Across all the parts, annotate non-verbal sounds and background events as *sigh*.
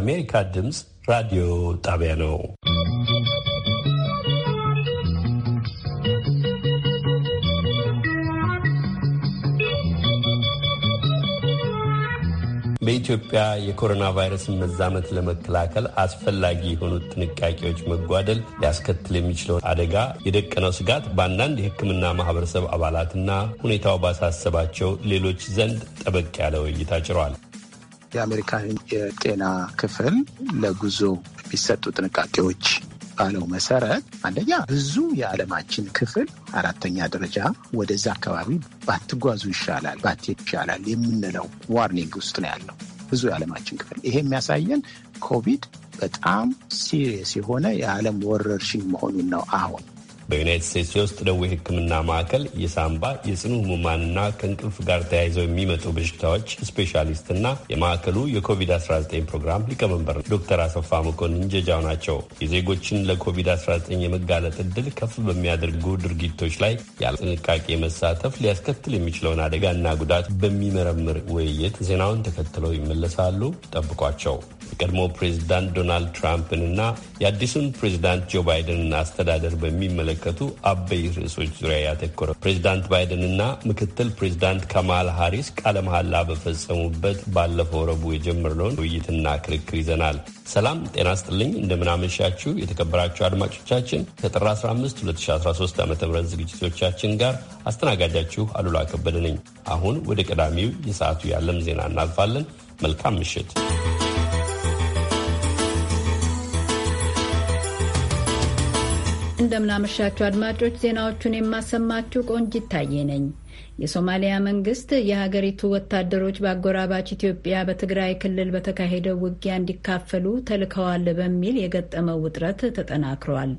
የአሜሪካ ድምፅ ራዲዮ ጣቢያ ነው። በኢትዮጵያ የኮሮና ቫይረስን መዛመት ለመከላከል አስፈላጊ የሆኑት ጥንቃቄዎች መጓደል ሊያስከትል የሚችለውን አደጋ የደቀነው ስጋት በአንዳንድ የሕክምና ማህበረሰብ አባላትና ሁኔታው ባሳሰባቸው ሌሎች ዘንድ ጠበቅ ያለ ውይይት አጭሯል። የአሜሪካ የጤና ክፍል ለጉዞ የሚሰጡ ጥንቃቄዎች ባለው መሰረት አንደኛ ብዙ የዓለማችን ክፍል አራተኛ ደረጃ ወደዛ አካባቢ ባትጓዙ ይሻላል ባትሄድ ይሻላል የምንለው ዋርኒንግ ውስጥ ነው ያለው ብዙ የዓለማችን ክፍል። ይሄ የሚያሳየን ኮቪድ በጣም ሲሪየስ የሆነ የዓለም ወረርሽኝ መሆኑን ነው አሁን በዩናይት ስቴትስ የውስጥ ደዌ ሕክምና ማዕከል የሳምባ የጽኑ ህሙማንና ከእንቅልፍ ጋር ተያይዘው የሚመጡ በሽታዎች ስፔሻሊስትና የማዕከሉ የኮቪድ-19 ፕሮግራም ሊቀመንበር ዶክተር አሰፋ መኮንን ጀጃው ናቸው። የዜጎችን ለኮቪድ-19 የመጋለጥ እድል ከፍ በሚያደርጉ ድርጊቶች ላይ ያለ ጥንቃቄ መሳተፍ ሊያስከትል የሚችለውን አደጋና ጉዳት በሚመረምር ውይይት ዜናውን ተከትለው ይመለሳሉ። ጠብቋቸው። የቀድሞ ፕሬዚዳንት ዶናልድ ትራምፕንና የአዲሱን ፕሬዚዳንት ጆ ባይደንን አስተዳደር በሚመለከቱ አበይ ርዕሶች ዙሪያ ያተኮረ ፕሬዚዳንት ባይደንና ምክትል ፕሬዚዳንት ካማል ሃሪስ ቃለ መሐላ በፈጸሙበት ባለፈው ረቡዕ የጀመርነውን ውይይትና ክርክር ይዘናል። ሰላም ጤና ስጥልኝ። እንደምናመሻችሁ የተከበራችሁ አድማጮቻችን ከጥር 15 2013 ዓ ም ዝግጅቶቻችን ጋር አስተናጋጃችሁ አሉላ ከበደ ነኝ። አሁን ወደ ቀዳሚው የሰዓቱ የዓለም ዜና እናልፋለን። መልካም ምሽት። እንደምናመሻችሁ አድማጮች፣ ዜናዎቹን የማሰማችሁ ቆንጅ ይታየ ነኝ። የሶማሊያ መንግስት የሀገሪቱ ወታደሮች በአጎራባች ኢትዮጵያ በትግራይ ክልል በተካሄደው ውጊያ እንዲካፈሉ ተልከዋል በሚል የገጠመው ውጥረት ተጠናክሯል።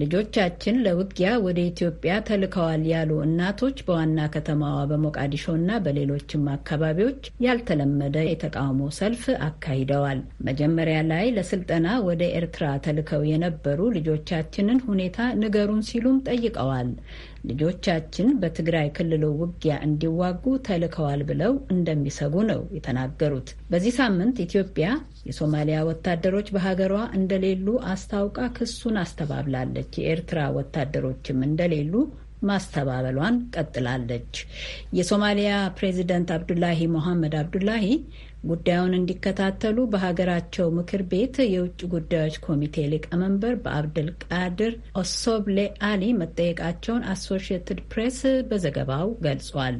ልጆቻችን ለውጊያ ወደ ኢትዮጵያ ተልከዋል ያሉ እናቶች በዋና ከተማዋ በሞቃዲሾና በሌሎችም አካባቢዎች ያልተለመደ የተቃውሞ ሰልፍ አካሂደዋል። መጀመሪያ ላይ ለስልጠና ወደ ኤርትራ ተልከው የነበሩ ልጆቻችንን ሁኔታ ንገሩን ሲሉም ጠይቀዋል። ልጆቻችን በትግራይ ክልሉ ውጊያ እንዲዋጉ ተልከዋል ብለው እንደሚሰጉ ነው የተናገሩት። በዚህ ሳምንት ኢትዮጵያ የሶማሊያ ወታደሮች በሀገሯ እንደሌሉ አስታውቃ ክሱን አስተባብላለች። የኤርትራ ወታደሮችም እንደሌሉ ማስተባበሏን ቀጥላለች። የሶማሊያ ፕሬዚደንት አብዱላሂ ሞሐመድ አብዱላሂ ጉዳዩን እንዲከታተሉ በሀገራቸው ምክር ቤት የውጭ ጉዳዮች ኮሚቴ ሊቀመንበር በአብደል ቃድር ኦሶብሌ አሊ መጠየቃቸውን አሶሽትድ ፕሬስ በዘገባው ገልጿል።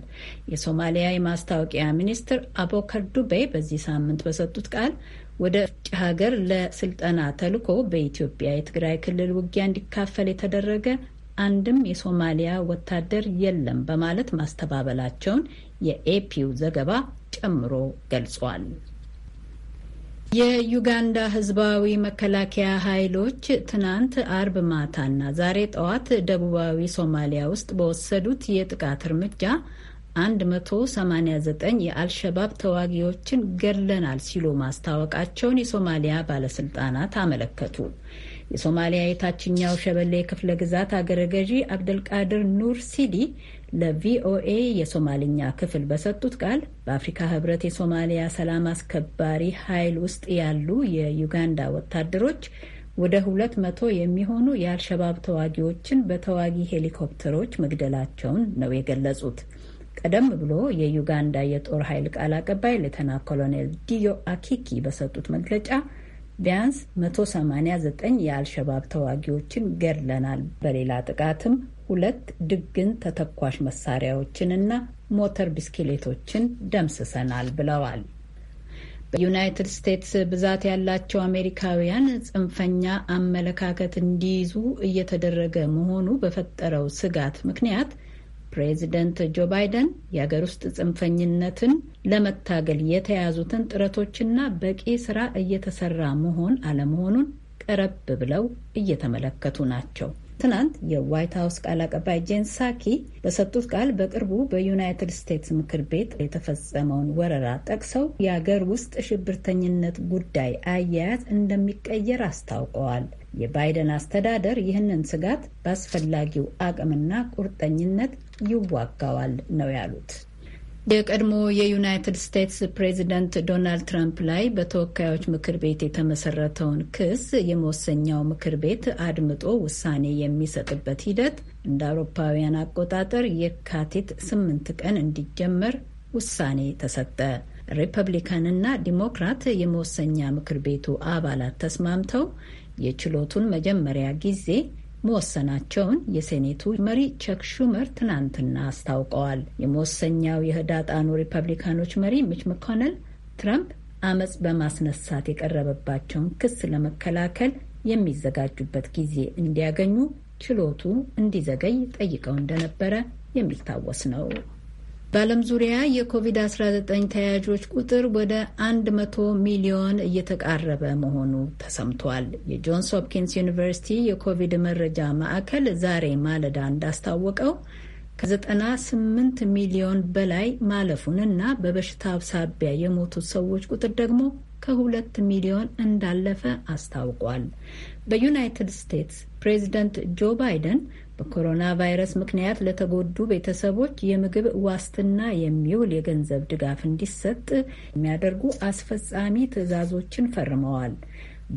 የሶማሊያ የማስታወቂያ ሚኒስትር አቦከር ዱቤ በዚህ ሳምንት በሰጡት ቃል ወደ ውጭ ሀገር ለስልጠና ተልኮ በኢትዮጵያ የትግራይ ክልል ውጊያ እንዲካፈል የተደረገ አንድም የሶማሊያ ወታደር የለም በማለት ማስተባበላቸውን የኤፒው ዘገባ ጨምሮ ገልጿል። የዩጋንዳ ህዝባዊ መከላከያ ኃይሎች ትናንት አርብ ማታና ዛሬ ጠዋት ደቡባዊ ሶማሊያ ውስጥ በወሰዱት የጥቃት እርምጃ 189 የአልሸባብ ተዋጊዎችን ገድለናል ሲሉ ማስታወቃቸውን የሶማሊያ ባለስልጣናት አመለከቱ። የሶማሊያ የታችኛው ሸበሌ ክፍለ ግዛት አገረ ገዢ አብደልቃድር ኑር ሲዲ ለቪኦኤ የሶማልኛ ክፍል በሰጡት ቃል በአፍሪካ ህብረት የሶማሊያ ሰላም አስከባሪ ኃይል ውስጥ ያሉ የዩጋንዳ ወታደሮች ወደ ሁለት መቶ የሚሆኑ የአልሸባብ ተዋጊዎችን በተዋጊ ሄሊኮፕተሮች መግደላቸውን ነው የገለጹት። ቀደም ብሎ የዩጋንዳ የጦር ኃይል ቃል አቀባይ ሌተና ኮሎኔል ዲዮ አኪኪ በሰጡት መግለጫ ቢያንስ 189 የአልሸባብ ተዋጊዎችን ገድለናል። በሌላ ጥቃትም ሁለት ድግን ተተኳሽ መሳሪያዎችንና ሞተር ብስክሌቶችን ደምስሰናል ብለዋል። በዩናይትድ ስቴትስ ብዛት ያላቸው አሜሪካውያን ጽንፈኛ አመለካከት እንዲይዙ እየተደረገ መሆኑ በፈጠረው ስጋት ምክንያት ፕሬዚደንት ጆ ባይደን የአገር ውስጥ ጽንፈኝነትን ለመታገል የተያዙትን ጥረቶችና በቂ ስራ እየተሰራ መሆን አለመሆኑን ቀረብ ብለው እየተመለከቱ ናቸው። ትናንት የዋይት ሀውስ ቃል አቀባይ ጄን ሳኪ በሰጡት ቃል በቅርቡ በዩናይትድ ስቴትስ ምክር ቤት የተፈጸመውን ወረራ ጠቅሰው የአገር ውስጥ ሽብርተኝነት ጉዳይ አያያዝ እንደሚቀየር አስታውቀዋል። የባይደን አስተዳደር ይህንን ስጋት በአስፈላጊው አቅምና ቁርጠኝነት ይዋጋዋል ነው ያሉት። የቀድሞ የዩናይትድ ስቴትስ ፕሬዚደንት ዶናልድ ትራምፕ ላይ በተወካዮች ምክር ቤት የተመሰረተውን ክስ የመወሰኛው ምክር ቤት አድምጦ ውሳኔ የሚሰጥበት ሂደት እንደ አውሮፓውያን አቆጣጠር የካቲት ስምንት ቀን እንዲጀመር ውሳኔ ተሰጠ። ሪፐብሊካንና ዲሞክራት የመወሰኛ ምክር ቤቱ አባላት ተስማምተው የችሎቱን መጀመሪያ ጊዜ መወሰናቸውን የሴኔቱ መሪ ቸክ ሹመር ትናንትና አስታውቀዋል። የመወሰኛው የህዳጣኑ ሪፐብሊካኖች መሪ ሚች መኮነል ትራምፕ አመፅ በማስነሳት የቀረበባቸውን ክስ ለመከላከል የሚዘጋጁበት ጊዜ እንዲያገኙ ችሎቱ እንዲዘገይ ጠይቀው እንደነበረ የሚታወስ ነው። በዓለም ዙሪያ የኮቪድ-19 ተያያዦች ቁጥር ወደ 100 ሚሊዮን እየተቃረበ መሆኑ ተሰምቷል። የጆንስ ሆፕኪንስ ዩኒቨርሲቲ የኮቪድ መረጃ ማዕከል ዛሬ ማለዳ እንዳስታወቀው ከ98 ሚሊዮን በላይ ማለፉን እና በበሽታው ሳቢያ የሞቱት ሰዎች ቁጥር ደግሞ ከሁለት ሚሊዮን እንዳለፈ አስታውቋል። በዩናይትድ ስቴትስ ፕሬዚደንት ጆ ባይደን በኮሮና ቫይረስ ምክንያት ለተጎዱ ቤተሰቦች የምግብ ዋስትና የሚውል የገንዘብ ድጋፍ እንዲሰጥ የሚያደርጉ አስፈጻሚ ትዕዛዞችን ፈርመዋል።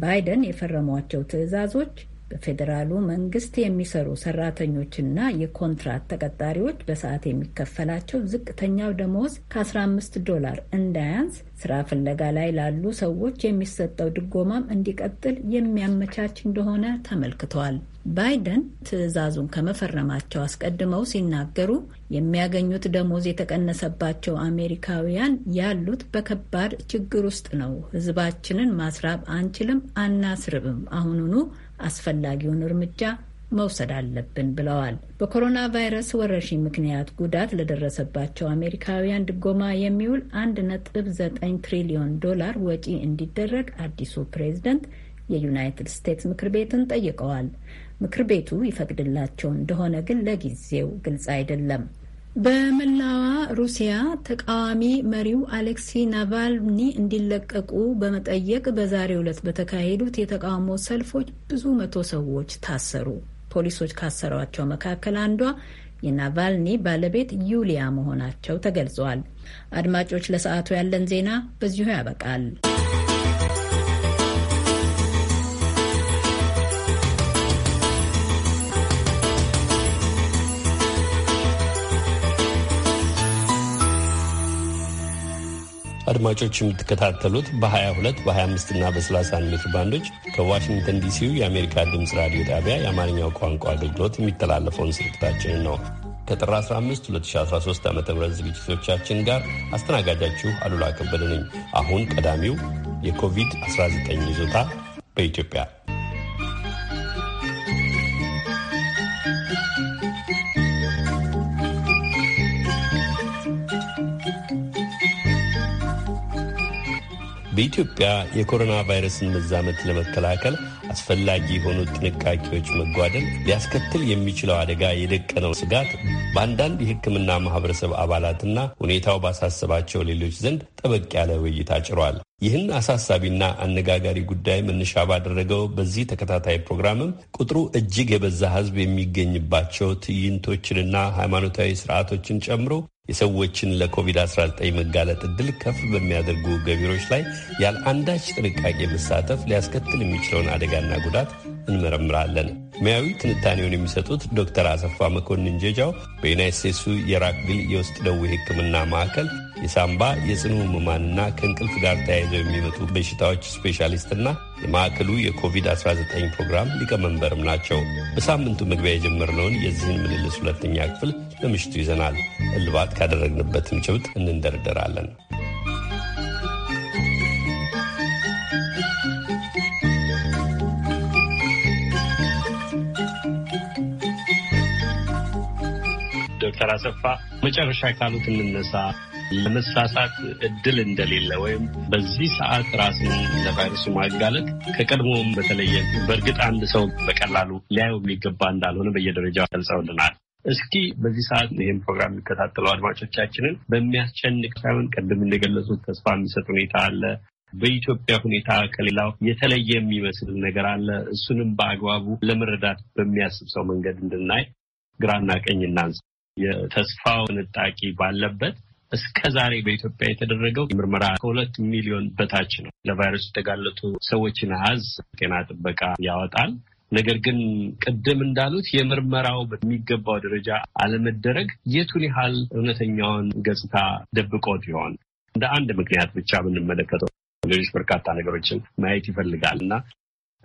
ባይደን የፈረሟቸው ትዕዛዞች በፌዴራሉ መንግስት የሚሰሩ ሰራተኞችና የኮንትራት ተቀጣሪዎች በሰዓት የሚከፈላቸው ዝቅተኛው ደሞዝ ከ15 ዶላር እንዳያንስ ስራ ፍለጋ ላይ ላሉ ሰዎች የሚሰጠው ድጎማም እንዲቀጥል የሚያመቻች እንደሆነ ተመልክተዋል። ባይደን ትዕዛዙን ከመፈረማቸው አስቀድመው ሲናገሩ የሚያገኙት ደሞዝ የተቀነሰባቸው አሜሪካውያን ያሉት በከባድ ችግር ውስጥ ነው። ህዝባችንን ማስራብ አንችልም፣ አናስርብም። አሁኑኑ አስፈላጊውን እርምጃ መውሰድ አለብን ብለዋል። በኮሮና ቫይረስ ወረርሽኝ ምክንያት ጉዳት ለደረሰባቸው አሜሪካውያን ድጎማ የሚውል አንድ ነጥብ ዘጠኝ ትሪሊዮን ዶላር ወጪ እንዲደረግ አዲሱ ፕሬዝደንት የዩናይትድ ስቴትስ ምክር ቤትን ጠይቀዋል። ምክር ቤቱ ይፈቅድላቸው እንደሆነ ግን ለጊዜው ግልጽ አይደለም። በመላዋ ሩሲያ ተቃዋሚ መሪው አሌክሲ ናቫልኒ እንዲለቀቁ በመጠየቅ በዛሬው ዕለት በተካሄዱት የተቃውሞ ሰልፎች ብዙ መቶ ሰዎች ታሰሩ። ፖሊሶች ካሰሯቸው መካከል አንዷ የናቫልኒ ባለቤት ዩሊያ መሆናቸው ተገልጿል። አድማጮች፣ ለሰዓቱ ያለን ዜና በዚሁ ያበቃል። አድማጮች የምትከታተሉት በ22 በ25 እና በ31 ሜትር ባንዶች ከዋሽንግተን ዲሲው የአሜሪካ ድምፅ ራዲዮ ጣቢያ የአማርኛው ቋንቋ አገልግሎት የሚተላለፈውን ስርጭታችንን ነው። ከጥር 15 2013 ዓ ም ዝግጅቶቻችን ጋር አስተናጋጃችሁ አሉላ ከበደ ነኝ። አሁን ቀዳሚው የኮቪድ-19 ይዞታ በኢትዮጵያ በኢትዮጵያ የኮሮና ቫይረስን መዛመት ለመከላከል አስፈላጊ የሆኑ ጥንቃቄዎች መጓደል ሊያስከትል የሚችለው አደጋ የደቀነው ስጋት በአንዳንድ የሕክምና ማህበረሰብ አባላትና ሁኔታው ባሳሰባቸው ሌሎች ዘንድ ጠበቅ ያለ ውይይት አጭሯል። ይህን አሳሳቢና አነጋጋሪ ጉዳይ መነሻ ባደረገው በዚህ ተከታታይ ፕሮግራምም ቁጥሩ እጅግ የበዛ ሕዝብ የሚገኝባቸው ትዕይንቶችንና ሃይማኖታዊ ስርዓቶችን ጨምሮ የሰዎችን ለኮቪድ-19 መጋለጥ እድል ከፍ በሚያደርጉ ገቢሮች ላይ ያለ አንዳች ጥንቃቄ መሳተፍ ሊያስከትል የሚችለውን አደጋና ጉዳት እንመረምራለን። ሙያዊ ትንታኔውን የሚሰጡት ዶክተር አሰፋ መኮንን ጀጃው በዩናይት ስቴትሱ የራክቪል የውስጥ ደዌ ሕክምና ማዕከል የሳምባ የጽኑ ህሙማንና ከእንቅልፍ ጋር ተያይዘው የሚመጡ በሽታዎች ስፔሻሊስትና የማዕከሉ የኮቪድ-19 ፕሮግራም ሊቀመንበርም ናቸው። በሳምንቱ መግቢያ የጀመርነውን የዚህን ምልልስ ሁለተኛ ክፍል ለምሽቱ ይዘናል። እልባት ካደረግንበትም ጭብጥ እንንደርደራለን። ዶክተር አሰፋ መጨረሻ ካሉት እንነሳ። ለመሳሳት እድል እንደሌለ ወይም በዚህ ሰዓት ራስን ለቫይረሱ ማጋለጥ ከቀድሞውም በተለየ በእርግጥ አንድ ሰው በቀላሉ ሊያየው የሚገባ እንዳልሆነ በየደረጃው ገልጸውልናል። እስኪ በዚህ ሰዓት ይህም ፕሮግራም የሚከታተሉ አድማጮቻችንን በሚያስጨንቅ ሳይሆን ቅድም እንደገለጹት ተስፋ የሚሰጥ ሁኔታ አለ። በኢትዮጵያ ሁኔታ ከሌላው የተለየ የሚመስል ነገር አለ። እሱንም በአግባቡ ለመረዳት በሚያስብ ሰው መንገድ እንድናይ ግራና ቀኝ እናንስ። የተስፋ ንጣቂ ባለበት እስከ ዛሬ በኢትዮጵያ የተደረገው ምርመራ ከሁለት ሚሊዮን በታች ነው። ለቫይረሱ የተጋለጡ ሰዎችን አሃዝ ጤና ጥበቃ ያወጣል። ነገር ግን ቅድም እንዳሉት የምርመራው በሚገባው ደረጃ አለመደረግ የቱን ያህል እውነተኛውን ገጽታ ደብቆት ይሆን? እንደ አንድ ምክንያት ብቻ ብንመለከተው ሌሎች በርካታ ነገሮችን ማየት ይፈልጋል እና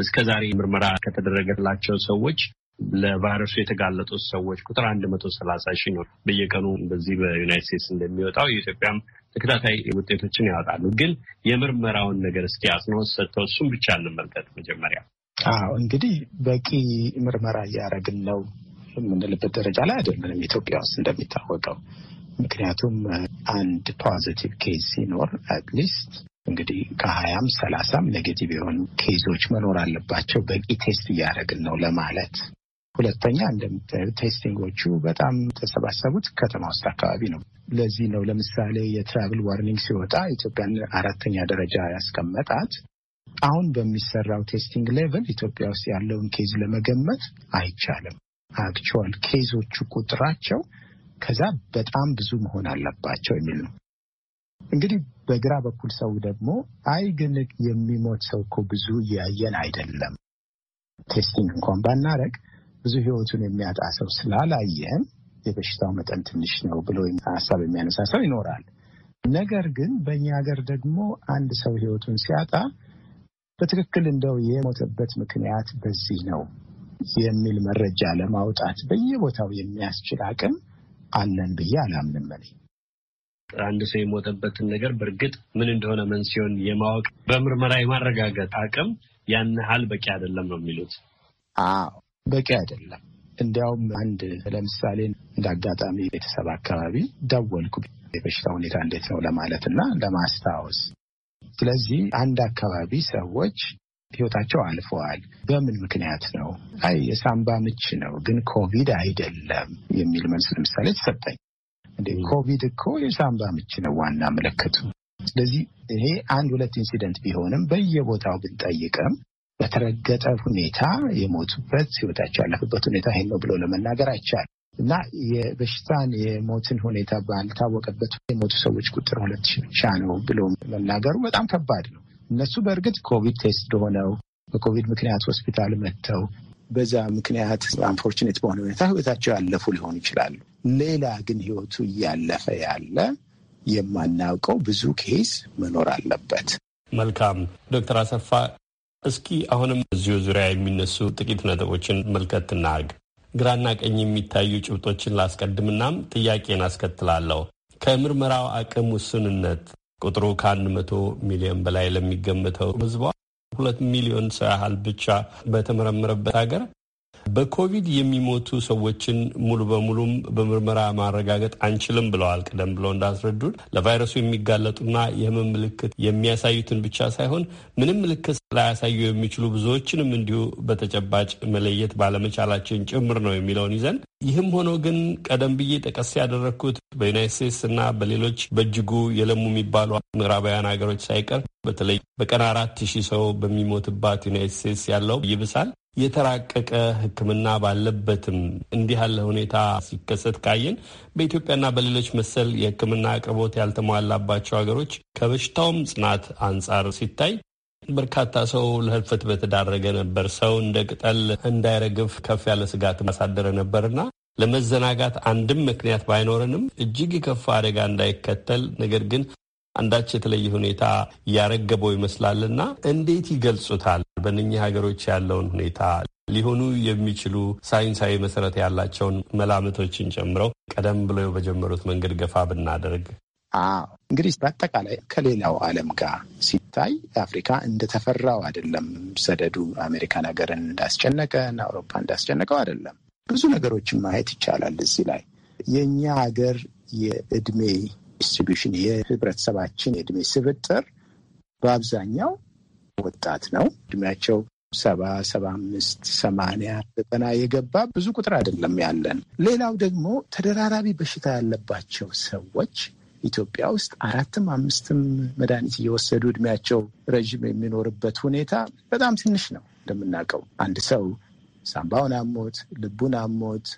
እስከ ዛሬ ምርመራ ከተደረገላቸው ሰዎች ለቫይረሱ የተጋለጡት ሰዎች ቁጥር አንድ መቶ ሰላሳ ሺህ ነው። በየቀኑ በዚህ በዩናይት ስቴትስ እንደሚወጣው የኢትዮጵያም ተከታታይ ውጤቶችን ያወጣሉ። ግን የምርመራውን ነገር እስኪ አጽንኦት ሰጥተው እሱም ብቻ እንመልከት መጀመሪያ። አዎ እንግዲህ በቂ ምርመራ እያደረግን ነው የምንልበት ደረጃ ላይ አይደለንም ኢትዮጵያ ውስጥ እንደሚታወቀው። ምክንያቱም አንድ ፖዚቲቭ ኬዝ ሲኖር አትሊስት እንግዲህ ከሀያም ሰላሳም ኔጌቲቭ የሆኑ ኬዞች መኖር አለባቸው። በቂ ቴስት እያደረግን ነው ለማለት ሁለተኛ እንደምታዩ ቴስቲንጎቹ በጣም ተሰባሰቡት ከተማ ውስጥ አካባቢ ነው። ለዚህ ነው ለምሳሌ የትራቭል ዋርኒንግ ሲወጣ ኢትዮጵያን አራተኛ ደረጃ ያስቀመጣት። አሁን በሚሰራው ቴስቲንግ ሌቭል ኢትዮጵያ ውስጥ ያለውን ኬዝ ለመገመት አይቻልም። አክቹዋል ኬዞቹ ቁጥራቸው ከዛ በጣም ብዙ መሆን አለባቸው የሚል ነው። እንግዲህ በግራ በኩል ሰው ደግሞ አይ ግን የሚሞት ሰው እኮ ብዙ እያየን አይደለም ቴስቲንግ እንኳን ባናረግ ብዙ ህይወቱን የሚያጣ ሰው ስላላየን የበሽታው መጠን ትንሽ ነው ብሎ ሀሳብ የሚያነሳ ሰው ይኖራል። ነገር ግን በእኛ ሀገር ደግሞ አንድ ሰው ህይወቱን ሲያጣ በትክክል እንደው የሞተበት ምክንያት በዚህ ነው የሚል መረጃ ለማውጣት በየቦታው የሚያስችል አቅም አለን ብዬ አላምንም። እኔ አንድ ሰው የሞተበትን ነገር በእርግጥ ምን እንደሆነ መንስኤውን የማወቅ በምርመራ የማረጋገጥ አቅም ያን ያህል በቂ አይደለም ነው የሚሉት። አዎ በቂ አይደለም። እንዲያውም አንድ ለምሳሌ እንደ አጋጣሚ ቤተሰብ አካባቢ ደወልኩ የበሽታ ሁኔታ እንዴት ነው ለማለት እና ለማስታወስ። ስለዚህ አንድ አካባቢ ሰዎች ህይወታቸው አልፈዋል። በምን ምክንያት ነው? አይ የሳምባ ምች ነው ግን ኮቪድ አይደለም የሚል መልስ ለምሳሌ ተሰጠኝ። እንደ ኮቪድ እኮ የሳምባ ምች ነው ዋና ምልክቱ። ስለዚህ ይሄ አንድ ሁለት ኢንሲደንት ቢሆንም በየቦታው ብንጠይቅም በተረገጠ ሁኔታ የሞቱበት ህይወታቸው ያለፈበት ሁኔታ ይሄን ነው ብሎ ለመናገር አይቻል እና የበሽታን የሞትን ሁኔታ ባልታወቀበት የሞቱ ሰዎች ቁጥር ሁለት ሺህ ብቻ ነው ብሎ መናገሩ በጣም ከባድ ነው። እነሱ በእርግጥ ኮቪድ ቴስት ሆነው በኮቪድ ምክንያት ሆስፒታል መጥተው በዛ ምክንያት አንፎርችኔት በሆነ ሁኔታ ህይወታቸው ያለፉ ሊሆኑ ይችላሉ። ሌላ ግን ህይወቱ እያለፈ ያለ የማናውቀው ብዙ ኬስ መኖር አለበት። መልካም ዶክተር አሰፋ እስኪ አሁንም እዚሁ ዙሪያ የሚነሱ ጥቂት ነጥቦችን መልከት እናርግ። ግራና ቀኝ የሚታዩ ጭብጦችን ላስቀድምናም ጥያቄን አስከትላለሁ። ከምርመራው አቅም ውስንነት ቁጥሩ ከአንድ መቶ ሚሊዮን በላይ ለሚገምተው ህዝቧ ሁለት ሚሊዮን ሰው ያህል ብቻ በተመረመረበት ሀገር በኮቪድ የሚሞቱ ሰዎችን ሙሉ በሙሉም በምርመራ ማረጋገጥ አንችልም ብለዋል። ቀደም ብለው እንዳስረዱን ለቫይረሱ የሚጋለጡና የህመም ምልክት የሚያሳዩትን ብቻ ሳይሆን ምንም ምልክት ላያሳዩ የሚችሉ ብዙዎችንም እንዲሁ በተጨባጭ መለየት ባለመቻላችን ጭምር ነው የሚለውን ይዘን ይህም ሆኖ ግን ቀደም ብዬ ጠቀስ ያደረግኩት በዩናይት ስቴትስ እና በሌሎች በእጅጉ የለሙ የሚባሉ ምዕራባውያን ሀገሮች ሳይቀር በተለይ በቀን አራት ሺህ ሰው በሚሞትባት ዩናይት ስቴትስ ያለው ይብሳል። የተራቀቀ ሕክምና ባለበትም እንዲህ ያለ ሁኔታ ሲከሰት ካየን በኢትዮጵያና በሌሎች መሰል የሕክምና አቅርቦት ያልተሟላባቸው ሀገሮች ከበሽታውም ጽናት አንጻር ሲታይ በርካታ ሰው ለህልፈት በተዳረገ ነበር። ሰው እንደ ቅጠል እንዳይረግፍ ከፍ ያለ ስጋት ማሳደረ ነበርና ለመዘናጋት አንድም ምክንያት ባይኖረንም እጅግ የከፋ አደጋ እንዳይከተል ነገር ግን አንዳች የተለየ ሁኔታ ያረገበው ይመስላልና እንዴት ይገልጹታል? በእነኚህ ሀገሮች ያለውን ሁኔታ ሊሆኑ የሚችሉ ሳይንሳዊ መሰረት ያላቸውን መላምቶችን ጨምረው ቀደም ብለው በጀመሩት መንገድ ገፋ ብናደርግ እንግዲህ በአጠቃላይ ከሌላው ዓለም ጋር ሲታይ አፍሪካ እንደተፈራው አይደለም። ሰደዱ አሜሪካን ሀገርን እንዳስጨነቀን፣ አውሮፓ እንዳስጨነቀው አይደለም። ብዙ ነገሮችን ማየት ይቻላል። እዚህ ላይ የእኛ ሀገር የእድሜ ዲስትሪቢሽን የህብረተሰባችን የእድሜ ስብጥር በአብዛኛው ወጣት ነው። እድሜያቸው ሰባ ሰባ አምስት ሰማንያ ዘጠና የገባ ብዙ ቁጥር አይደለም ያለን። ሌላው ደግሞ ተደራራቢ በሽታ ያለባቸው ሰዎች ኢትዮጵያ ውስጥ አራትም አምስትም መድኃኒት እየወሰዱ እድሜያቸው ረዥም የሚኖርበት ሁኔታ በጣም ትንሽ ነው። እንደምናውቀው አንድ ሰው ሳምባውን አሞት፣ ልቡን አሞት፣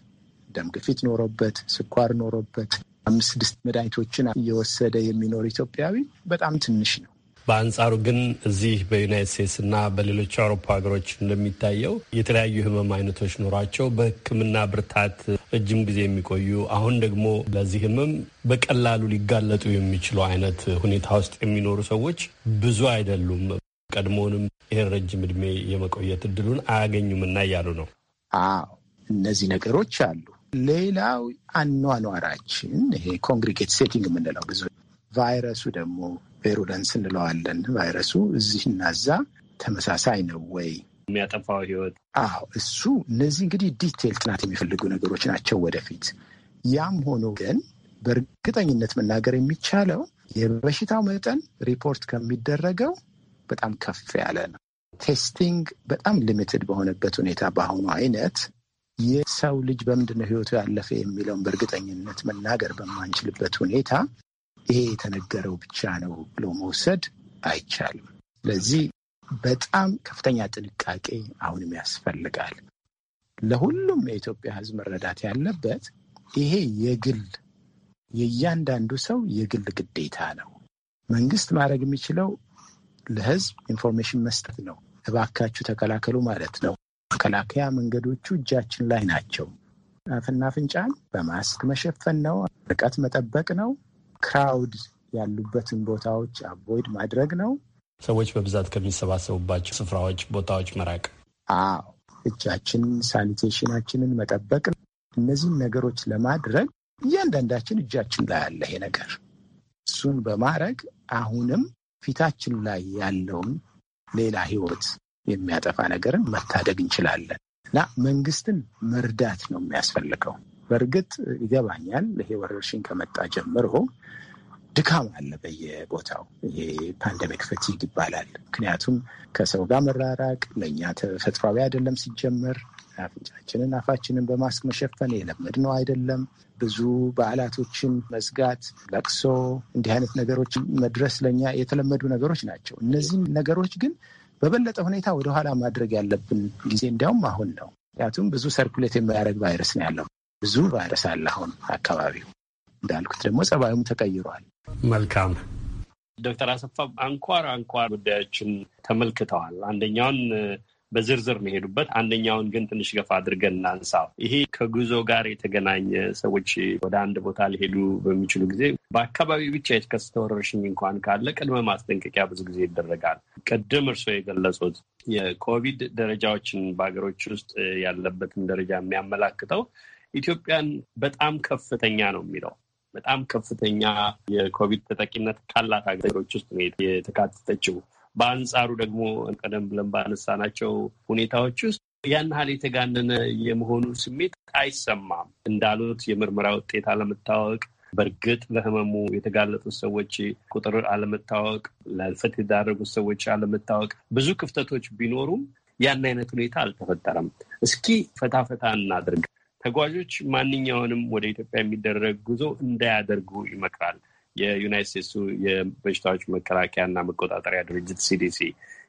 ደም ግፊት ኖሮበት፣ ስኳር ኖሮበት አምስት ስድስት መድኃኒቶችን እየወሰደ የሚኖር ኢትዮጵያዊ በጣም ትንሽ ነው። በአንጻሩ ግን እዚህ በዩናይት ስቴትስና በሌሎች አውሮፓ ሀገሮች እንደሚታየው የተለያዩ የህመም አይነቶች ኖሯቸው በህክምና ብርታት ረጅም ጊዜ የሚቆዩ አሁን ደግሞ ለዚህ ህመም በቀላሉ ሊጋለጡ የሚችሉ አይነት ሁኔታ ውስጥ የሚኖሩ ሰዎች ብዙ አይደሉም። ቀድሞውንም ይህን ረጅም እድሜ የመቆየት እድሉን አያገኙም እና እያሉ ነው። አዎ እነዚህ ነገሮች አሉ። ሌላው አኗኗራችን ይሄ ኮንግሪጌት ሴቲንግ የምንለው ብዙ ቫይረሱ ደግሞ ቬሩለንስ እንለዋለን። ቫይረሱ እዚህና እዛ ተመሳሳይ ነው ወይ የሚያጠፋው ህይወት? አዎ፣ እሱ እነዚህ እንግዲህ ዲቴል ጥናት የሚፈልጉ ነገሮች ናቸው ወደፊት። ያም ሆኖ ግን በእርግጠኝነት መናገር የሚቻለው የበሽታው መጠን ሪፖርት ከሚደረገው በጣም ከፍ ያለ ነው። ቴስቲንግ በጣም ሊሚትድ በሆነበት ሁኔታ በአሁኑ አይነት የሰው ልጅ በምንድን ህይወቱ ያለፈ የሚለውን በእርግጠኝነት መናገር በማንችልበት ሁኔታ ይሄ የተነገረው ብቻ ነው ብሎ መውሰድ አይቻልም። ስለዚህ በጣም ከፍተኛ ጥንቃቄ አሁንም ያስፈልጋል። ለሁሉም የኢትዮጵያ ሕዝብ መረዳት ያለበት ይሄ የግል የእያንዳንዱ ሰው የግል ግዴታ ነው። መንግስት ማድረግ የሚችለው ለሕዝብ ኢንፎርሜሽን መስጠት ነው። እባካችሁ ተከላከሉ ማለት ነው። መከላከያ መንገዶቹ እጃችን ላይ ናቸው። አፍና አፍንጫን በማስክ መሸፈን ነው። ርቀት መጠበቅ ነው። ክራውድ ያሉበትን ቦታዎች አቮይድ ማድረግ ነው። ሰዎች በብዛት ከሚሰባሰቡባቸው ስፍራዎች፣ ቦታዎች መራቅ። አዎ እጃችንን፣ ሳኒቴሽናችንን መጠበቅ። እነዚህን ነገሮች ለማድረግ እያንዳንዳችን እጃችን ላይ ያለ ይሄ ነገር እሱን በማድረግ አሁንም ፊታችን ላይ ያለውን ሌላ ህይወት የሚያጠፋ ነገርን መታደግ እንችላለን እና መንግስትን መርዳት ነው የሚያስፈልገው። በእርግጥ ይገባኛል። ይሄ ወረርሽኝ ከመጣ ጀምሮ ድካም አለ በየቦታው። ይሄ ፓንደሚክ ፈቲግ ይባላል። ምክንያቱም ከሰው ጋር መራራቅ ለእኛ ተፈጥሯዊ አይደለም ሲጀመር አፍንጫችንን አፋችንን በማስክ መሸፈን ነው አይደለም። ብዙ በዓላቶችን መዝጋት፣ ለቅሶ፣ እንዲህ አይነት ነገሮች መድረስ ለኛ የተለመዱ ነገሮች ናቸው። እነዚህ ነገሮች ግን በበለጠ ሁኔታ ወደኋላ ማድረግ ያለብን ጊዜ እንዲያውም አሁን ነው። ምክንያቱም ብዙ ሰርኩሌት የሚያደርግ ቫይረስ ነው ያለው ብዙ ቫይረስ አለ አሁን አካባቢው። እንዳልኩት ደግሞ ጸባዩም ተቀይሯል። መልካም ዶክተር አሰፋ አንኳር አንኳር ጉዳዮችን ተመልክተዋል። አንደኛውን በዝርዝር መሄዱበት አንደኛውን ግን ትንሽ ገፋ አድርገን እናንሳው ይሄ ከጉዞ ጋር የተገናኘ ሰዎች ወደ አንድ ቦታ ሊሄዱ በሚችሉ ጊዜ በአካባቢ ብቻ የተከሰተ ወረርሽኝ እንኳን ካለ ቅድመ ማስጠንቀቂያ ብዙ ጊዜ ይደረጋል። ቅድም እርስዎ የገለጹት የኮቪድ ደረጃዎችን በሀገሮች ውስጥ ያለበትን ደረጃ የሚያመላክተው ኢትዮጵያን በጣም ከፍተኛ ነው የሚለው በጣም ከፍተኛ የኮቪድ ተጠቂነት ካላት ሀገሮች ውስጥ ነው የተካተተችው። በአንጻሩ ደግሞ ቀደም ብለን ባነሳናቸው ሁኔታዎች ውስጥ ያን ያህል የተጋነነ የመሆኑ ስሜት አይሰማም። እንዳሉት የምርመራ ውጤት አለመታወቅ፣ በእርግጥ ለህመሙ የተጋለጡት ሰዎች ቁጥር አለመታወቅ፣ ለልፈት የተዳረጉት ሰዎች አለመታወቅ፣ ብዙ ክፍተቶች ቢኖሩም ያን አይነት ሁኔታ አልተፈጠረም። እስኪ ፈታፈታ እናድርግ። ተጓዦች ማንኛውንም ወደ ኢትዮጵያ የሚደረግ ጉዞ እንዳያደርጉ ይመክራል። የዩናይት ስቴትሱ የበሽታዎች መከላከያና መቆጣጠሪያ ድርጅት ሲዲሲ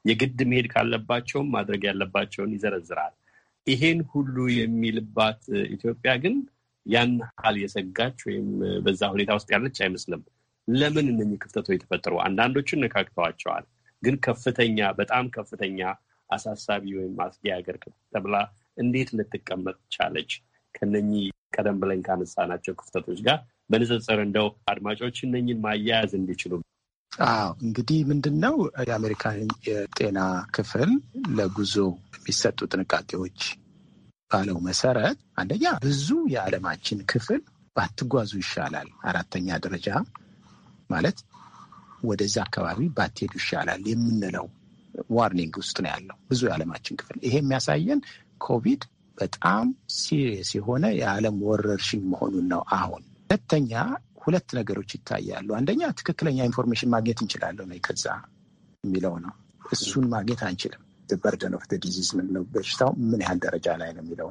የግድ መሄድ ካለባቸውም ማድረግ ያለባቸውን ይዘረዝራል። ይሄን ሁሉ የሚልባት ኢትዮጵያ ግን ያን ሀል የሰጋች ወይም በዛ ሁኔታ ውስጥ ያለች አይመስልም። ለምን እነኚህ ክፍተቶች የተፈጠሩ? አንዳንዶቹን ነካክተዋቸዋል። ግን ከፍተኛ በጣም ከፍተኛ አሳሳቢ ወይም አስጊ ሀገር ተብላ እንዴት ልትቀመጥ ቻለች? ከነኚህ ቀደም ብለን ካነሳናቸው ክፍተቶች ጋር በንጽጽር እንደው አድማጮች እነኝን ማያያዝ እንዲችሉ አዎ እንግዲህ ምንድን ነው የአሜሪካን የጤና ክፍል ለጉዞ የሚሰጡ ጥንቃቄዎች ባለው መሰረት አንደኛ ብዙ የዓለማችን ክፍል ባትጓዙ ይሻላል። አራተኛ ደረጃ ማለት ወደዛ አካባቢ ባትሄዱ ይሻላል የምንለው ዋርኒንግ ውስጥ ነው ያለው ብዙ የዓለማችን ክፍል። ይሄ የሚያሳየን ኮቪድ በጣም ሲሪየስ የሆነ የዓለም ወረርሽኝ መሆኑን ነው። አሁን ሁለተኛ ሁለት ነገሮች ይታያሉ። አንደኛ ትክክለኛ ኢንፎርሜሽን ማግኘት እንችላለን ወይ ከዛ የሚለው ነው። እሱን ማግኘት አንችልም። በርደን ኦፍ ዲዚዝ ምንለው በሽታው ምን ያህል ደረጃ ላይ ነው የሚለው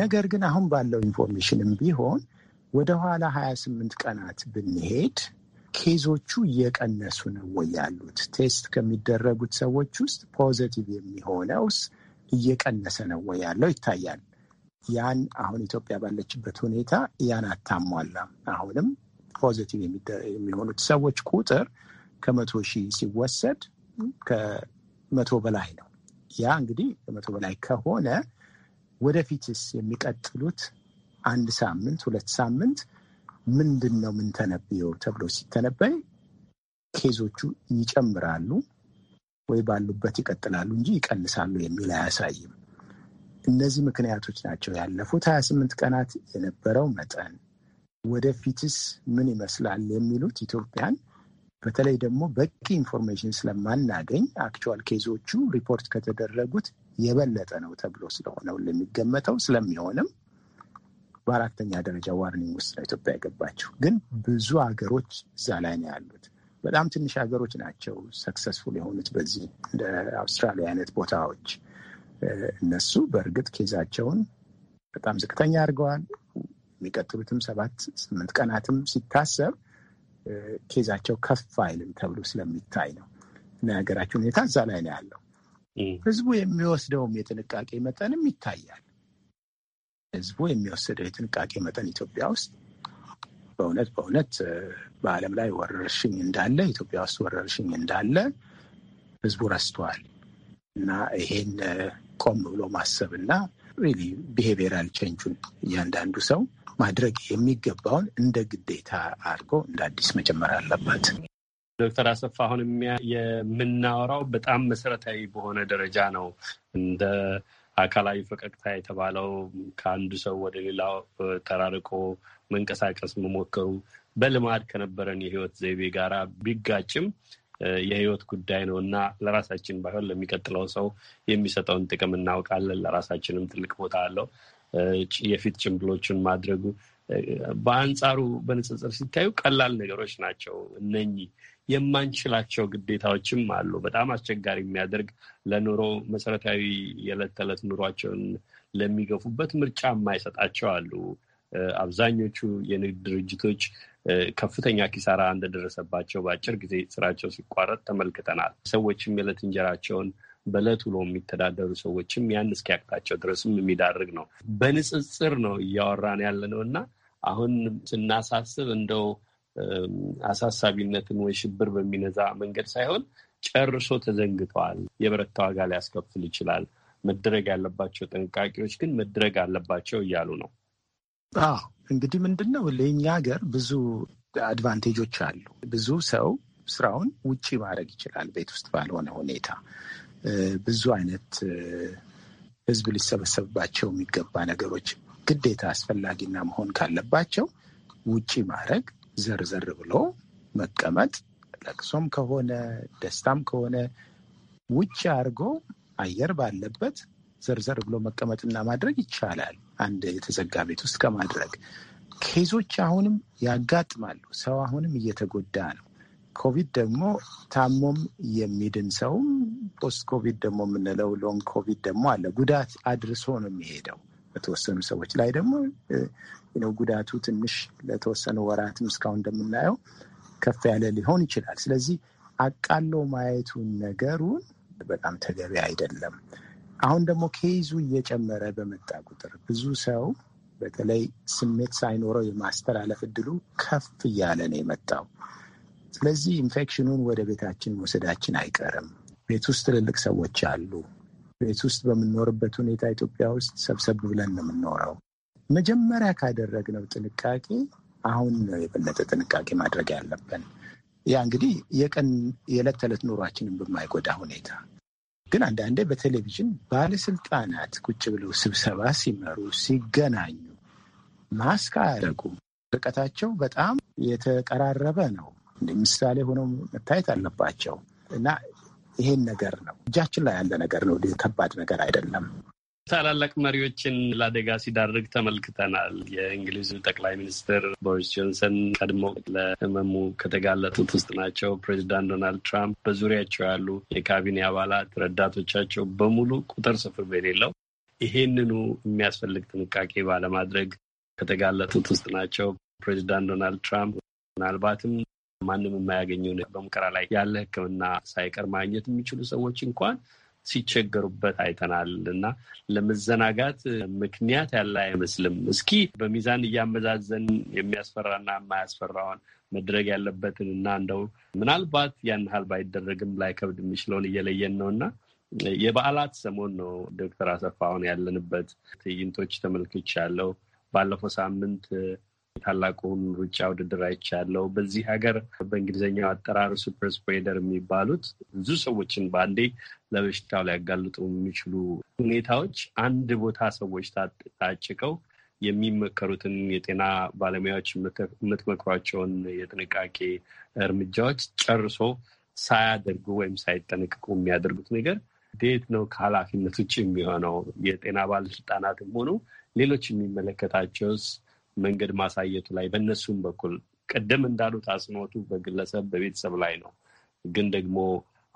ነገር ግን አሁን ባለው ኢንፎርሜሽንም ቢሆን ወደኋላ ሀያ ስምንት ቀናት ብንሄድ ኬዞቹ እየቀነሱ ነው ወይ ያሉት ቴስት ከሚደረጉት ሰዎች ውስጥ ፖዘቲቭ የሚሆነውስ እየቀነሰ ነው ወይ ያለው ይታያል። ያን አሁን ኢትዮጵያ ባለችበት ሁኔታ ያን አታሟላም። አሁንም ፖዘቲቭ የሚሆኑት ሰዎች ቁጥር ከመቶ ሺህ ሲወሰድ ከመቶ በላይ ነው። ያ እንግዲህ ከመቶ በላይ ከሆነ ወደፊትስ የሚቀጥሉት አንድ ሳምንት ሁለት ሳምንት ምንድን ነው ምን ተነብየው ተብሎ ሲተነበይ ኬዞቹ ይጨምራሉ። ወይ ባሉበት ይቀጥላሉ እንጂ ይቀንሳሉ የሚል አያሳይም። እነዚህ ምክንያቶች ናቸው ያለፉት ሀያ ስምንት ቀናት የነበረው መጠን ወደፊትስ ምን ይመስላል የሚሉት ኢትዮጵያን በተለይ ደግሞ በቂ ኢንፎርሜሽን ስለማናገኝ አክቹዋል ኬዞቹ ሪፖርት ከተደረጉት የበለጠ ነው ተብሎ ስለሆነ ለሚገመተው ስለሚሆንም በአራተኛ ደረጃ ዋርኒንግ ውስጥ ነው ኢትዮጵያ የገባቸው። ግን ብዙ ሀገሮች እዛ ላይ ነው ያሉት። በጣም ትንሽ ሀገሮች ናቸው ሰክሰስፉል የሆኑት በዚህ እንደ አውስትራሊያ አይነት ቦታዎች። እነሱ በእርግጥ ኬዛቸውን በጣም ዝቅተኛ አድርገዋል። የሚቀጥሉትም ሰባት ስምንት ቀናትም ሲታሰብ ኬዛቸው ከፍ አይልም ተብሎ ስለሚታይ ነው እና የሀገራችን ሁኔታ እዛ ላይ ነው ያለው። ህዝቡ የሚወስደውም የጥንቃቄ መጠንም ይታያል። ህዝቡ የሚወስደው የጥንቃቄ መጠን ኢትዮጵያ ውስጥ በእውነት በእውነት በዓለም ላይ ወረርሽኝ እንዳለ ኢትዮጵያ ውስጥ ወረርሽኝ እንዳለ ህዝቡ ረስተዋል እና ይሄን ቆም ብሎ ማሰብ እና ሪሊ ቼንጁን እያንዳንዱ ሰው ማድረግ የሚገባውን እንደ ግዴታ አድርጎ እንደ አዲስ መጀመር አለበት። ዶክተር አሰፋ አሁን የምናወራው በጣም መሰረታዊ በሆነ ደረጃ ነው። እንደ አካላዊ ፈቀቅታ የተባለው ከአንዱ ሰው ወደ ሌላው ተራርቆ መንቀሳቀስ መሞከሩ በልማድ ከነበረን የህይወት ዘይቤ ጋራ ቢጋጭም የህይወት ጉዳይ ነው እና ለራሳችን ባይሆን ለሚቀጥለው ሰው የሚሰጠውን ጥቅም እናውቃለን። ለራሳችንም ትልቅ ቦታ አለው የፊት ጭንብሎችን ማድረጉ። በአንጻሩ በንጽጽር ሲታዩ ቀላል ነገሮች ናቸው እነኚህ። የማንችላቸው ግዴታዎችም አሉ። በጣም አስቸጋሪ የሚያደርግ ለኑሮ መሰረታዊ የዕለት ተዕለት ኑሯቸውን ለሚገፉበት ምርጫ የማይሰጣቸው አሉ። አብዛኞቹ የንግድ ድርጅቶች ከፍተኛ ኪሳራ እንደደረሰባቸው በአጭር ጊዜ ስራቸው ሲቋረጥ ተመልክተናል። ሰዎችም የዕለት እንጀራቸውን በዕለት ውሎ የሚተዳደሩ ሰዎችም ያን እስኪያቅታቸው ድረስም የሚዳርግ ነው። በንጽጽር ነው እያወራን ያለ ነው እና አሁን ስናሳስብ እንደው አሳሳቢነትን ወይ ሽብር በሚነዛ መንገድ ሳይሆን ጨርሶ ተዘንግተዋል። የብረት ዋጋ ሊያስከፍል ይችላል። መደረግ ያለባቸው ጥንቃቄዎች ግን መደረግ አለባቸው እያሉ ነው። አዎ እንግዲህ ምንድን ነው ለእኛ ሀገር ብዙ አድቫንቴጆች አሉ። ብዙ ሰው ስራውን ውጪ ማድረግ ይችላል፣ ቤት ውስጥ ባልሆነ ሁኔታ ብዙ አይነት ህዝብ ሊሰበሰብባቸው የሚገባ ነገሮች ግዴታ አስፈላጊና መሆን ካለባቸው ውጪ ማድረግ ዘርዘር ብሎ መቀመጥ ለቅሶም ከሆነ ደስታም ከሆነ ውጭ አድርጎ አየር ባለበት ዘርዘር ብሎ መቀመጥና ማድረግ ይቻላል። አንድ የተዘጋ ቤት ውስጥ ከማድረግ ኬዞች አሁንም ያጋጥማሉ። ሰው አሁንም እየተጎዳ ነው። ኮቪድ ደግሞ ታሞም የሚድን ሰውም ፖስት ኮቪድ ደግሞ የምንለው ሎንግ ኮቪድ ደግሞ አለ። ጉዳት አድርሶ ነው የሚሄደው። በተወሰኑ ሰዎች ላይ ደግሞ ጉዳቱ ትንሽ ለተወሰኑ ወራትም እስካሁን እንደምናየው ከፍ ያለ ሊሆን ይችላል። ስለዚህ አቃሎ ማየቱን ነገሩን በጣም ተገቢ አይደለም። አሁን ደግሞ ኬይዙ እየጨመረ በመጣ ቁጥር ብዙ ሰው በተለይ ስሜት ሳይኖረው የማስተላለፍ እድሉ ከፍ እያለ ነው የመጣው። ስለዚህ ኢንፌክሽኑን ወደ ቤታችን መውሰዳችን አይቀርም። ቤት ውስጥ ትልልቅ ሰዎች አሉ። ቤት ውስጥ በምንኖርበት ሁኔታ ኢትዮጵያ ውስጥ ሰብሰብ ብለን ነው የምንኖረው። መጀመሪያ ካደረግነው ጥንቃቄ አሁን ነው የበለጠ ጥንቃቄ ማድረግ ያለብን። ያ እንግዲህ የቀን የዕለት ተዕለት ኑሯችንን በማይጎዳ ሁኔታ ግን አንዳንዴ በቴሌቪዥን ባለስልጣናት ቁጭ ብለው ስብሰባ ሲመሩ ሲገናኙ ማስክ አያረጉ። ርቀታቸው በጣም የተቀራረበ ነው። ምሳሌ ሆነው መታየት አለባቸው እና ይሄን ነገር ነው እጃችን ላይ ያለ ነገር ነው። ከባድ ነገር አይደለም። ታላላቅ መሪዎችን ለአደጋ ሲዳርግ ተመልክተናል። የእንግሊዙ ጠቅላይ ሚኒስትር ቦሪስ ጆንሰን ቀድሞ ለህመሙ ከተጋለጡት ውስጥ ናቸው። ፕሬዚዳንት ዶናልድ ትራምፕ፣ በዙሪያቸው ያሉ የካቢኔ አባላት፣ ረዳቶቻቸው በሙሉ ቁጥር ስፍር በሌለው ይሄንኑ የሚያስፈልግ ጥንቃቄ ባለማድረግ ከተጋለጡት ውስጥ ናቸው። ፕሬዚዳንት ዶናልድ ትራምፕ ምናልባትም ማንም የማያገኘው በሙከራ ላይ ያለ ሕክምና ሳይቀር ማግኘት የሚችሉ ሰዎች እንኳን ሲቸገሩበት አይተናል እና ለመዘናጋት ምክንያት ያለ አይመስልም። እስኪ በሚዛን እያመዛዘን የሚያስፈራና የማያስፈራውን መድረግ ያለበትን እና እንደው ምናልባት ያን ያህል ባይደረግም ላይከብድ የሚችለውን እየለየን ነው እና የበዓላት ሰሞን ነው ዶክተር አሰፋ አሁን ያለንበት ትዕይንቶች ተመልክቻለሁ። ባለፈው ሳምንት ታላቁን ሩጫ ውድድር አይቻለው። በዚህ ሀገር በእንግሊዝኛው አጠራር ሱፐር ስፕሬደር የሚባሉት ብዙ ሰዎችን በአንዴ ለበሽታው ሊያጋልጡ የሚችሉ ሁኔታዎች አንድ ቦታ ሰዎች ታጭቀው የሚመከሩትን የጤና ባለሙያዎች የምትመክሯቸውን የጥንቃቄ እርምጃዎች ጨርሶ ሳያደርጉ ወይም ሳይጠነቅቁ የሚያደርጉት ነገር እንዴት ነው ከኃላፊነት ውጭ የሚሆነው? የጤና ባለስልጣናትም ሆኑ ሌሎች የሚመለከታቸውስ መንገድ ማሳየቱ ላይ በእነሱም በኩል ቀደም እንዳሉት አጽንኦቱ በግለሰብ በቤተሰብ ላይ ነው። ግን ደግሞ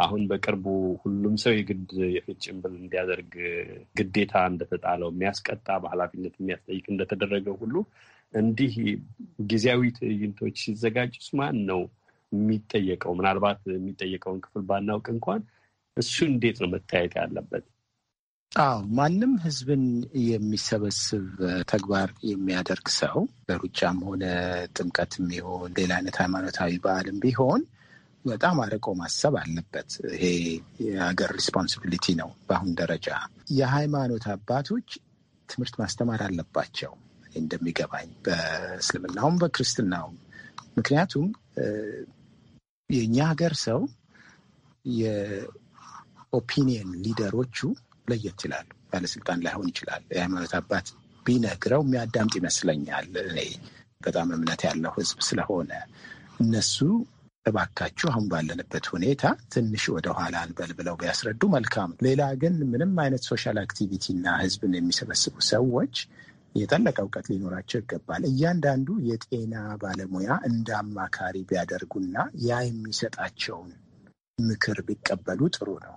አሁን በቅርቡ ሁሉም ሰው የግድ የፊት ጭንብል እንዲያደርግ ግዴታ እንደተጣለው የሚያስቀጣ በኃላፊነት የሚያስጠይቅ እንደተደረገ ሁሉ እንዲህ ጊዜያዊ ትዕይንቶች ሲዘጋጅ ማን ነው የሚጠየቀው? ምናልባት የሚጠየቀውን ክፍል ባናውቅ እንኳን እሱ እንዴት ነው መታየት ያለበት? አዎ ማንም ህዝብን የሚሰበስብ ተግባር የሚያደርግ ሰው በሩጫም ሆነ ጥምቀትም ይሆን ሌላ አይነት ሃይማኖታዊ በዓልም ቢሆን በጣም አርቆ ማሰብ አለበት። ይሄ የሀገር ሪስፖንሲቢሊቲ ነው። በአሁን ደረጃ የሃይማኖት አባቶች ትምህርት ማስተማር አለባቸው እንደሚገባኝ በእስልምናውም በክርስትናውም። ምክንያቱም የእኛ ሀገር ሰው የኦፒኒየን ሊደሮቹ ለየት ይላል ባለስልጣን ላይሆን ይችላል። የሃይማኖት አባት ቢነግረው የሚያዳምጥ ይመስለኛል። እኔ በጣም እምነት ያለው ህዝብ ስለሆነ እነሱ እባካችሁ አሁን ባለንበት ሁኔታ ትንሽ ወደኋላ አንበል ብለው ቢያስረዱ መልካም ነው። ሌላ ግን ምንም አይነት ሶሻል አክቲቪቲ እና ህዝብን የሚሰበስቡ ሰዎች የጠለቀ እውቀት ሊኖራቸው ይገባል። እያንዳንዱ የጤና ባለሙያ እንደ አማካሪ ቢያደርጉና ያ የሚሰጣቸውን ምክር ቢቀበሉ ጥሩ ነው።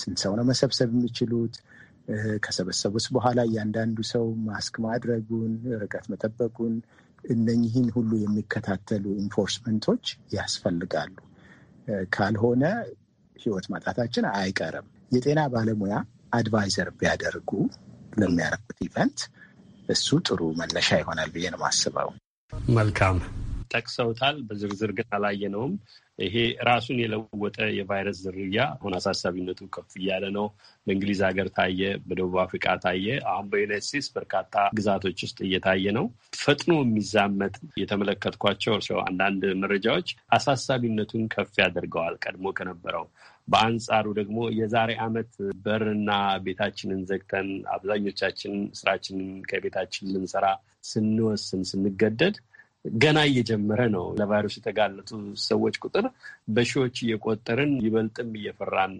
ስንት ሰው ነው መሰብሰብ የሚችሉት? ከሰበሰቡስ በኋላ እያንዳንዱ ሰው ማስክ ማድረጉን፣ ርቀት መጠበቁን እነኚህን ሁሉ የሚከታተሉ ኢንፎርስመንቶች ያስፈልጋሉ። ካልሆነ ህይወት ማጣታችን አይቀርም። የጤና ባለሙያ አድቫይዘር ቢያደርጉ ለሚያረጉት ኢቨንት እሱ ጥሩ መነሻ ይሆናል ብዬ ነው የማስበው። መልካም ጠቅሰውታል። በዝርዝር ግን አላየነውም። ይሄ ራሱን የለወጠ የቫይረስ ዝርያ አሁን አሳሳቢነቱ ከፍ እያለ ነው። በእንግሊዝ ሀገር ታየ፣ በደቡብ አፍሪቃ ታየ፣ አሁን በዩናይት ስቴትስ በርካታ ግዛቶች ውስጥ እየታየ ነው። ፈጥኖ የሚዛመት የተመለከትኳቸው እርስዎ አንዳንድ መረጃዎች አሳሳቢነቱን ከፍ ያደርገዋል ቀድሞ ከነበረው በአንጻሩ ደግሞ የዛሬ ዓመት በርና ቤታችንን ዘግተን አብዛኞቻችን ስራችንን ከቤታችን ልንሰራ ስንወስን ስንገደድ ገና እየጀመረ ነው። ለቫይረሱ የተጋለጡ ሰዎች ቁጥር በሺዎች እየቆጠርን ይበልጥም እየፈራን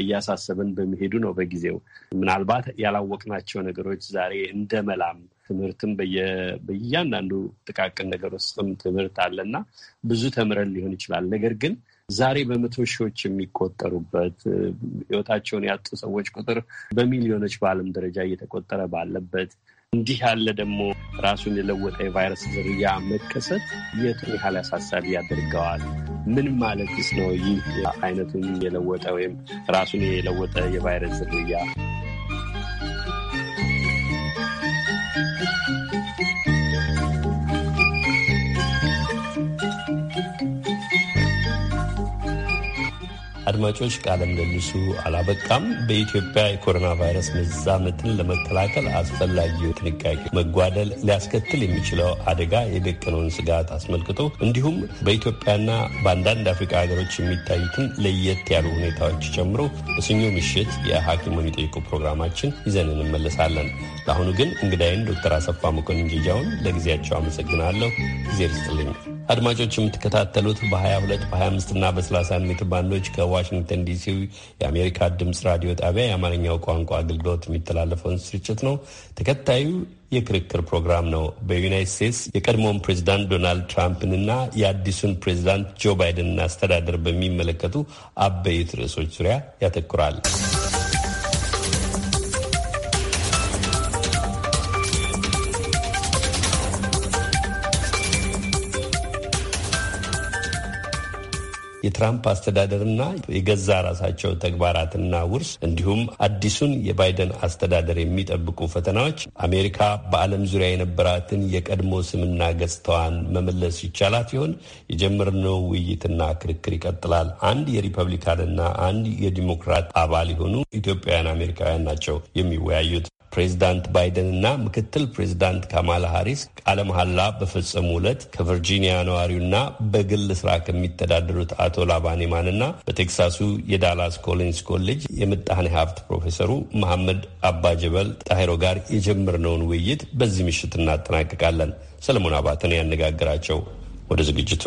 እያሳሰብን በሚሄዱ ነው። በጊዜው ምናልባት ያላወቅናቸው ነገሮች ዛሬ እንደ መላም ትምህርትም በእያንዳንዱ ጥቃቅን ነገር ውስጥም ትምህርት አለና ብዙ ተምረን ሊሆን ይችላል። ነገር ግን ዛሬ በመቶ ሺዎች የሚቆጠሩበት ህይወታቸውን ያጡ ሰዎች ቁጥር በሚሊዮኖች በዓለም ደረጃ እየተቆጠረ ባለበት እንዲህ ያለ ደግሞ ራሱን የለወጠ የቫይረስ ዝርያ መከሰት የቱን ያህል አሳሳቢ ያደርገዋል? ምን ማለትስ ነው? ይህ አይነቱን የለወጠ ወይም ራሱን የለወጠ የቫይረስ ዝርያ አድማጮች፣ ቃለ ምልልሱ አላበቃም። በኢትዮጵያ የኮሮና ቫይረስ መዛመትን ለመከላከል አስፈላጊው ጥንቃቄ መጓደል ሊያስከትል የሚችለው አደጋ የደቀነውን ስጋት አስመልክቶ እንዲሁም በኢትዮጵያና በአንዳንድ አፍሪካ ሀገሮች የሚታዩትን ለየት ያሉ ሁኔታዎች ጨምሮ በሰኞ ምሽት የሐኪሙን ይጠይቁ ፕሮግራማችን ይዘን እንመለሳለን። ለአሁኑ ግን እንግዳይን ዶክተር አሰፋ መኮንን ጌጃውን ለጊዜያቸው አመሰግናለሁ። ጊዜ ርስጥልኝ። አድማጮች የምትከታተሉት በ22 በ25 እና በ31 ሜትር ባንዶች ከዋሽንግተን ዲሲ የአሜሪካ ድምፅ ራዲዮ ጣቢያ የአማርኛው ቋንቋ አገልግሎት የሚተላለፈውን ስርጭት ነው። ተከታዩ የክርክር ፕሮግራም ነው። በዩናይት ስቴትስ የቀድሞውን ፕሬዚዳንት ዶናልድ ትራምፕንና የአዲሱን ፕሬዚዳንት ጆ ባይደንን አስተዳደር በሚመለከቱ አበይት ርዕሶች ዙሪያ ያተኩራል። የትራምፕ አስተዳደርና የገዛ ራሳቸው ተግባራትና ውርስ እንዲሁም አዲሱን የባይደን አስተዳደር የሚጠብቁ ፈተናዎች አሜሪካ በዓለም ዙሪያ የነበራትን የቀድሞ ስምና ገጽታዋን መመለስ ይቻላት ይሆን? የጀመርነው ውይይትና ክርክር ይቀጥላል። አንድ የሪፐብሊካንና አንድ የዲሞክራት አባል የሆኑ ኢትዮጵያውያን አሜሪካውያን ናቸው የሚወያዩት። ፕሬዚዳንት ባይደን እና ምክትል ፕሬዚዳንት ካማላ ሃሪስ ቃለ መሐላ በፈጸሙ ዕለት ከቨርጂኒያ ነዋሪውና በግል ስራ ከሚተዳደሩት አቶ ላባን የማንና በቴክሳሱ የዳላስ ኮሊንስ ኮሌጅ የምጣኔ ሀብት ፕሮፌሰሩ መሐመድ አባጀበል ጣሄሮ ጋር የጀመርነውን ውይይት በዚህ ምሽት እናጠናቅቃለን። ሰለሞን አባተን ያነጋግራቸው ወደ ዝግጅቱ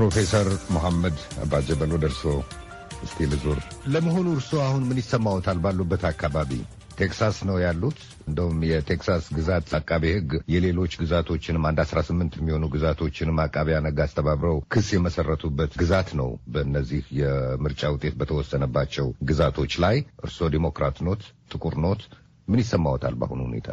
ፕሮፌሰር መሐመድ ወደ ደርሶ እስቲ ልዙር። ለመሆኑ እርስዎ አሁን ምን ይሰማዎታል? ባሉበት አካባቢ ቴክሳስ ነው ያሉት። እንደውም የቴክሳስ ግዛት አቃቤ ሕግ የሌሎች ግዛቶችንም አንድ አስራ ስምንት የሚሆኑ ግዛቶችንም አቃቢያነ ሕግ አስተባብረው ክስ የመሰረቱበት ግዛት ነው። በእነዚህ የምርጫ ውጤት በተወሰነባቸው ግዛቶች ላይ እርስዎ ዲሞክራት ኖት፣ ጥቁር ኖት፣ ምን ይሰማዎታል በአሁኑ ሁኔታ?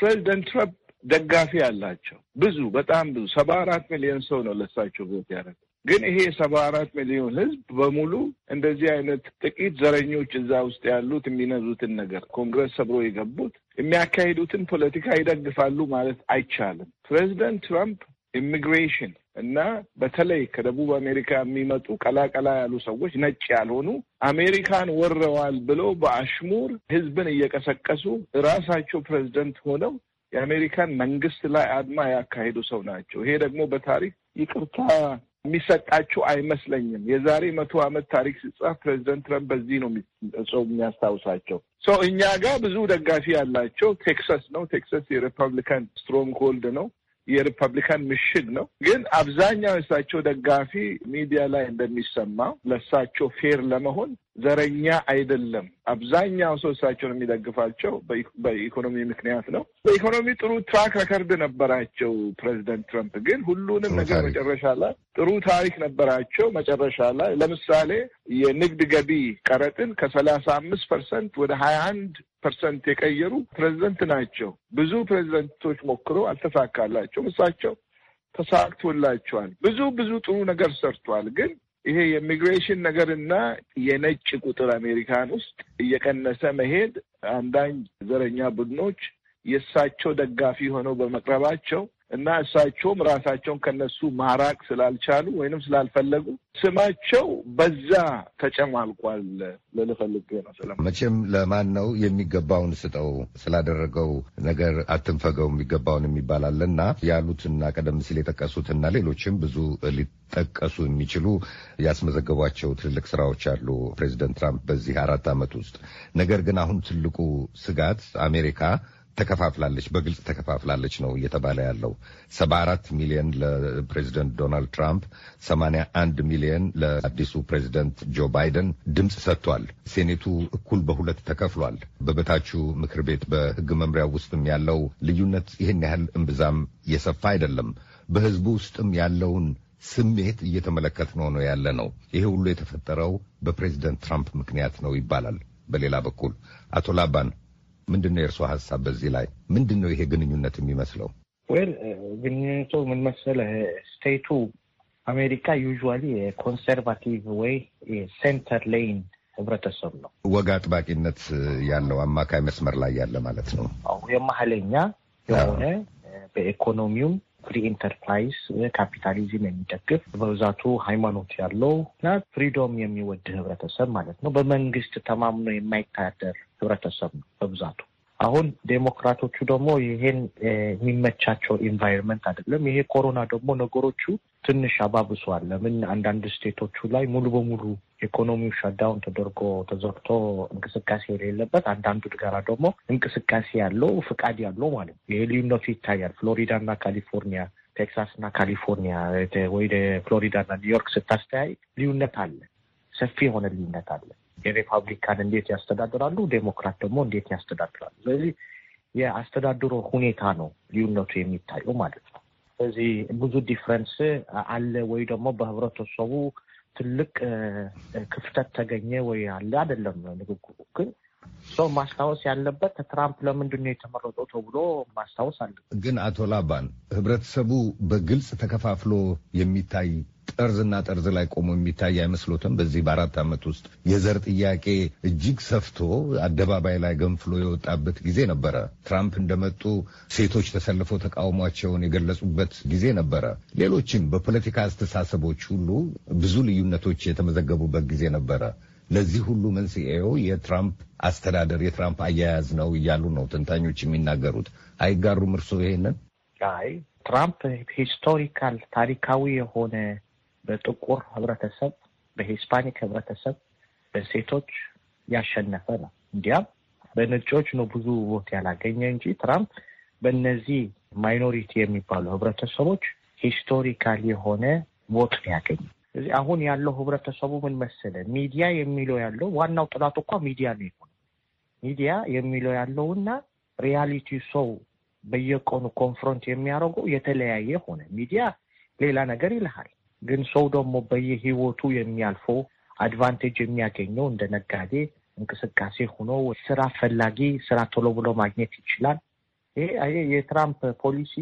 ፕሬዚደንት ትራምፕ ደጋፊ ያላቸው ብዙ በጣም ብዙ ሰባ አራት ሚሊዮን ሰው ነው ለሳቸው ቮት ያደረገው ግን ይሄ የሰባ አራት ሚሊዮን ህዝብ በሙሉ እንደዚህ አይነት ጥቂት ዘረኞች እዛ ውስጥ ያሉት የሚነዙትን ነገር ኮንግረስ ሰብሮ የገቡት የሚያካሂዱትን ፖለቲካ ይደግፋሉ ማለት አይቻልም። ፕሬዚደንት ትራምፕ ኢሚግሬሽን እና በተለይ ከደቡብ አሜሪካ የሚመጡ ቀላቀላ ያሉ ሰዎች ነጭ ያልሆኑ አሜሪካን ወረዋል ብለው በአሽሙር ህዝብን እየቀሰቀሱ ራሳቸው ፕሬዚደንት ሆነው የአሜሪካን መንግስት ላይ አድማ ያካሄዱ ሰው ናቸው። ይሄ ደግሞ በታሪክ ይቅርታ የሚሰጣችሁ አይመስለኝም። የዛሬ መቶ ዓመት ታሪክ ሲጻፍ ፕሬዚደንት ትረምፕ በዚህ ነው ሰው የሚያስታውሳቸው። ሰው እኛ ጋር ብዙ ደጋፊ ያላቸው ቴክሳስ ነው። ቴክሳስ የሪፐብሊካን ስትሮንግ ሆልድ ነው። የሪፐብሊካን ምሽግ ነው። ግን አብዛኛው የእሳቸው ደጋፊ ሚዲያ ላይ እንደሚሰማው ለእሳቸው ፌር ለመሆን ዘረኛ አይደለም። አብዛኛው ሰው እሳቸውን የሚደግፋቸው በኢኮኖሚ ምክንያት ነው። በኢኮኖሚ ጥሩ ትራክ ረከርድ ነበራቸው ፕሬዚደንት ትራምፕ። ግን ሁሉንም ነገር መጨረሻ ላይ ጥሩ ታሪክ ነበራቸው። መጨረሻ ላይ ለምሳሌ የንግድ ገቢ ቀረጥን ከሰላሳ አምስት ፐርሰንት ወደ ሀያ አንድ ፐርሰንት የቀየሩ ፕሬዚደንት ናቸው። ብዙ ፕሬዚደንቶች ሞክረው አልተሳካላቸውም። እሳቸው ተሳክቶላቸዋል። ብዙ ብዙ ጥሩ ነገር ሰርቷል። ግን ይሄ የኢሚግሬሽን ነገርና የነጭ ቁጥር አሜሪካን ውስጥ እየቀነሰ መሄድ አንዳንድ ዘረኛ ቡድኖች የእሳቸው ደጋፊ ሆነው በመቅረባቸው እና እሳቸውም ራሳቸውን ከነሱ ማራቅ ስላልቻሉ ወይንም ስላልፈለጉ ስማቸው በዛ ተጨማልቋል ልል ነው። ስለ መቼም ለማን ነው የሚገባውን ስጠው ስላደረገው ነገር አትንፈገው የሚገባውን የሚባል አለና ያሉትና ቀደም ሲል የጠቀሱትና ሌሎችም ብዙ ሊጠቀሱ የሚችሉ ያስመዘገቧቸው ትልልቅ ስራዎች አሉ ፕሬዚደንት ትራምፕ በዚህ አራት ዓመት ውስጥ። ነገር ግን አሁን ትልቁ ስጋት አሜሪካ ተከፋፍላለች፣ በግልጽ ተከፋፍላለች ነው እየተባለ ያለው። ሰባ አራት ሚሊዮን ለፕሬዚደንት ዶናልድ ትራምፕ፣ ሰማንያ አንድ ሚሊዮን ለአዲሱ ፕሬዚደንት ጆ ባይደን ድምፅ ሰጥቷል። ሴኔቱ እኩል በሁለት ተከፍሏል። በበታቹ ምክር ቤት በህግ መምሪያው ውስጥም ያለው ልዩነት ይህን ያህል እምብዛም የሰፋ አይደለም። በህዝቡ ውስጥም ያለውን ስሜት እየተመለከት ነው ነው ያለ ነው። ይሄ ሁሉ የተፈጠረው በፕሬዚደንት ትራምፕ ምክንያት ነው ይባላል። በሌላ በኩል አቶ ላባን ምንድን ነው የእርስዎ ሀሳብ በዚህ ላይ? ምንድን ነው ይሄ ግንኙነት የሚመስለው? ወል uh, ግንኙነቱ ምን መሰለህ፣ ስቴቱ አሜሪካ ዩዥዋሊ የኮንሰርቫቲቭ ወይ የሴንተር ሌይን ህብረተሰብ ነው። ወግ አጥባቂነት ያለው አማካይ መስመር ላይ ያለ ማለት ነው። የመሀለኛ የሆነ በኢኮኖሚውም ፍሪ ኢንተርፕራይዝ ካፒታሊዝም የሚደግፍ በብዛቱ ሃይማኖት ያለው እና ፍሪዶም የሚወድ ህብረተሰብ ማለት ነው። በመንግስት ተማምኖ የማይታደር ህብረተሰብ ነው በብዛቱ። አሁን ዴሞክራቶቹ ደግሞ ይሄን የሚመቻቸው ኢንቫይርመንት አይደለም። ይሄ ኮሮና ደግሞ ነገሮቹ ትንሽ አባብሷል። ለምን አንዳንድ ስቴቶቹ ላይ ሙሉ በሙሉ ኢኮኖሚው ሸዳውን ተደርጎ ተዘግቶ እንቅስቃሴ የሌለበት፣ አንዳንዱ ጋራ ደግሞ እንቅስቃሴ ያለው ፍቃድ ያለው ማለት ነው። ይሄ ልዩነቱ ይታያል። ፍሎሪዳ እና ካሊፎርኒያ፣ ቴክሳስ እና ካሊፎርኒያ ወይ ፍሎሪዳ እና ኒውዮርክ ስታስተያይ ልዩነት አለ፣ ሰፊ የሆነ ልዩነት አለ። የሪፐብሊካን እንዴት ያስተዳድራሉ፣ ዴሞክራት ደግሞ እንዴት ያስተዳድራሉ። ስለዚህ የአስተዳድሮ ሁኔታ ነው ልዩነቱ የሚታየው ማለት ነው። ስለዚህ ብዙ ዲፍረንስ አለ ወይ ደግሞ በህብረተሰቡ ትልቅ ክፍተት ተገኘ ወይ አለ አይደለም። ንግግሩ ግን ሰው ማስታወስ ያለበት ትራምፕ ለምንድን ነው የተመረጠው ተብሎ ማስታወስ አለ። ግን አቶ ላባን ህብረተሰቡ በግልጽ ተከፋፍሎ የሚታይ ጠርዝና ጠርዝ ላይ ቆሞ የሚታይ አይመስሎትም? በዚህ በአራት ዓመት ውስጥ የዘር ጥያቄ እጅግ ሰፍቶ አደባባይ ላይ ገንፍሎ የወጣበት ጊዜ ነበረ። ትራምፕ እንደመጡ ሴቶች ተሰልፈው ተቃውሟቸውን የገለጹበት ጊዜ ነበረ። ሌሎችም በፖለቲካ አስተሳሰቦች ሁሉ ብዙ ልዩነቶች የተመዘገቡበት ጊዜ ነበረ። ለዚህ ሁሉ መንስኤው የትራምፕ አስተዳደር የትራምፕ አያያዝ ነው እያሉ ነው ተንታኞች የሚናገሩት። አይጋሩም እርሶ ይሄንን? አይ ትራምፕ ሂስቶሪካል ታሪካዊ የሆነ በጥቁር ህብረተሰብ፣ በሂስፓኒክ ህብረተሰብ፣ በሴቶች ያሸነፈ ነው። እንዲያም በነጮች ነው ብዙ ቦት ያላገኘ እንጂ ትራምፕ በእነዚህ ማይኖሪቲ የሚባሉ ህብረተሰቦች ሂስቶሪካል የሆነ ቦት ነው ያገኘ እዚህ አሁን ያለው ህብረተሰቡ ምን መሰለ ሚዲያ የሚለው ያለው ዋናው ጥላት እኳ ሚዲያ ነው ይሆን ሚዲያ የሚለው ያለውና ሪያሊቲ ሰው በየቀኑ ኮንፍሮንት የሚያደርገው የተለያየ ሆነ። ሚዲያ ሌላ ነገር ይልሃል፣ ግን ሰው ደግሞ በየህይወቱ የሚያልፈው አድቫንቴጅ የሚያገኘው እንደ ነጋዴ እንቅስቃሴ ሆኖ ስራ ፈላጊ ስራ ቶሎ ብሎ ማግኘት ይችላል። ይሄ የትራምፕ ፖሊሲ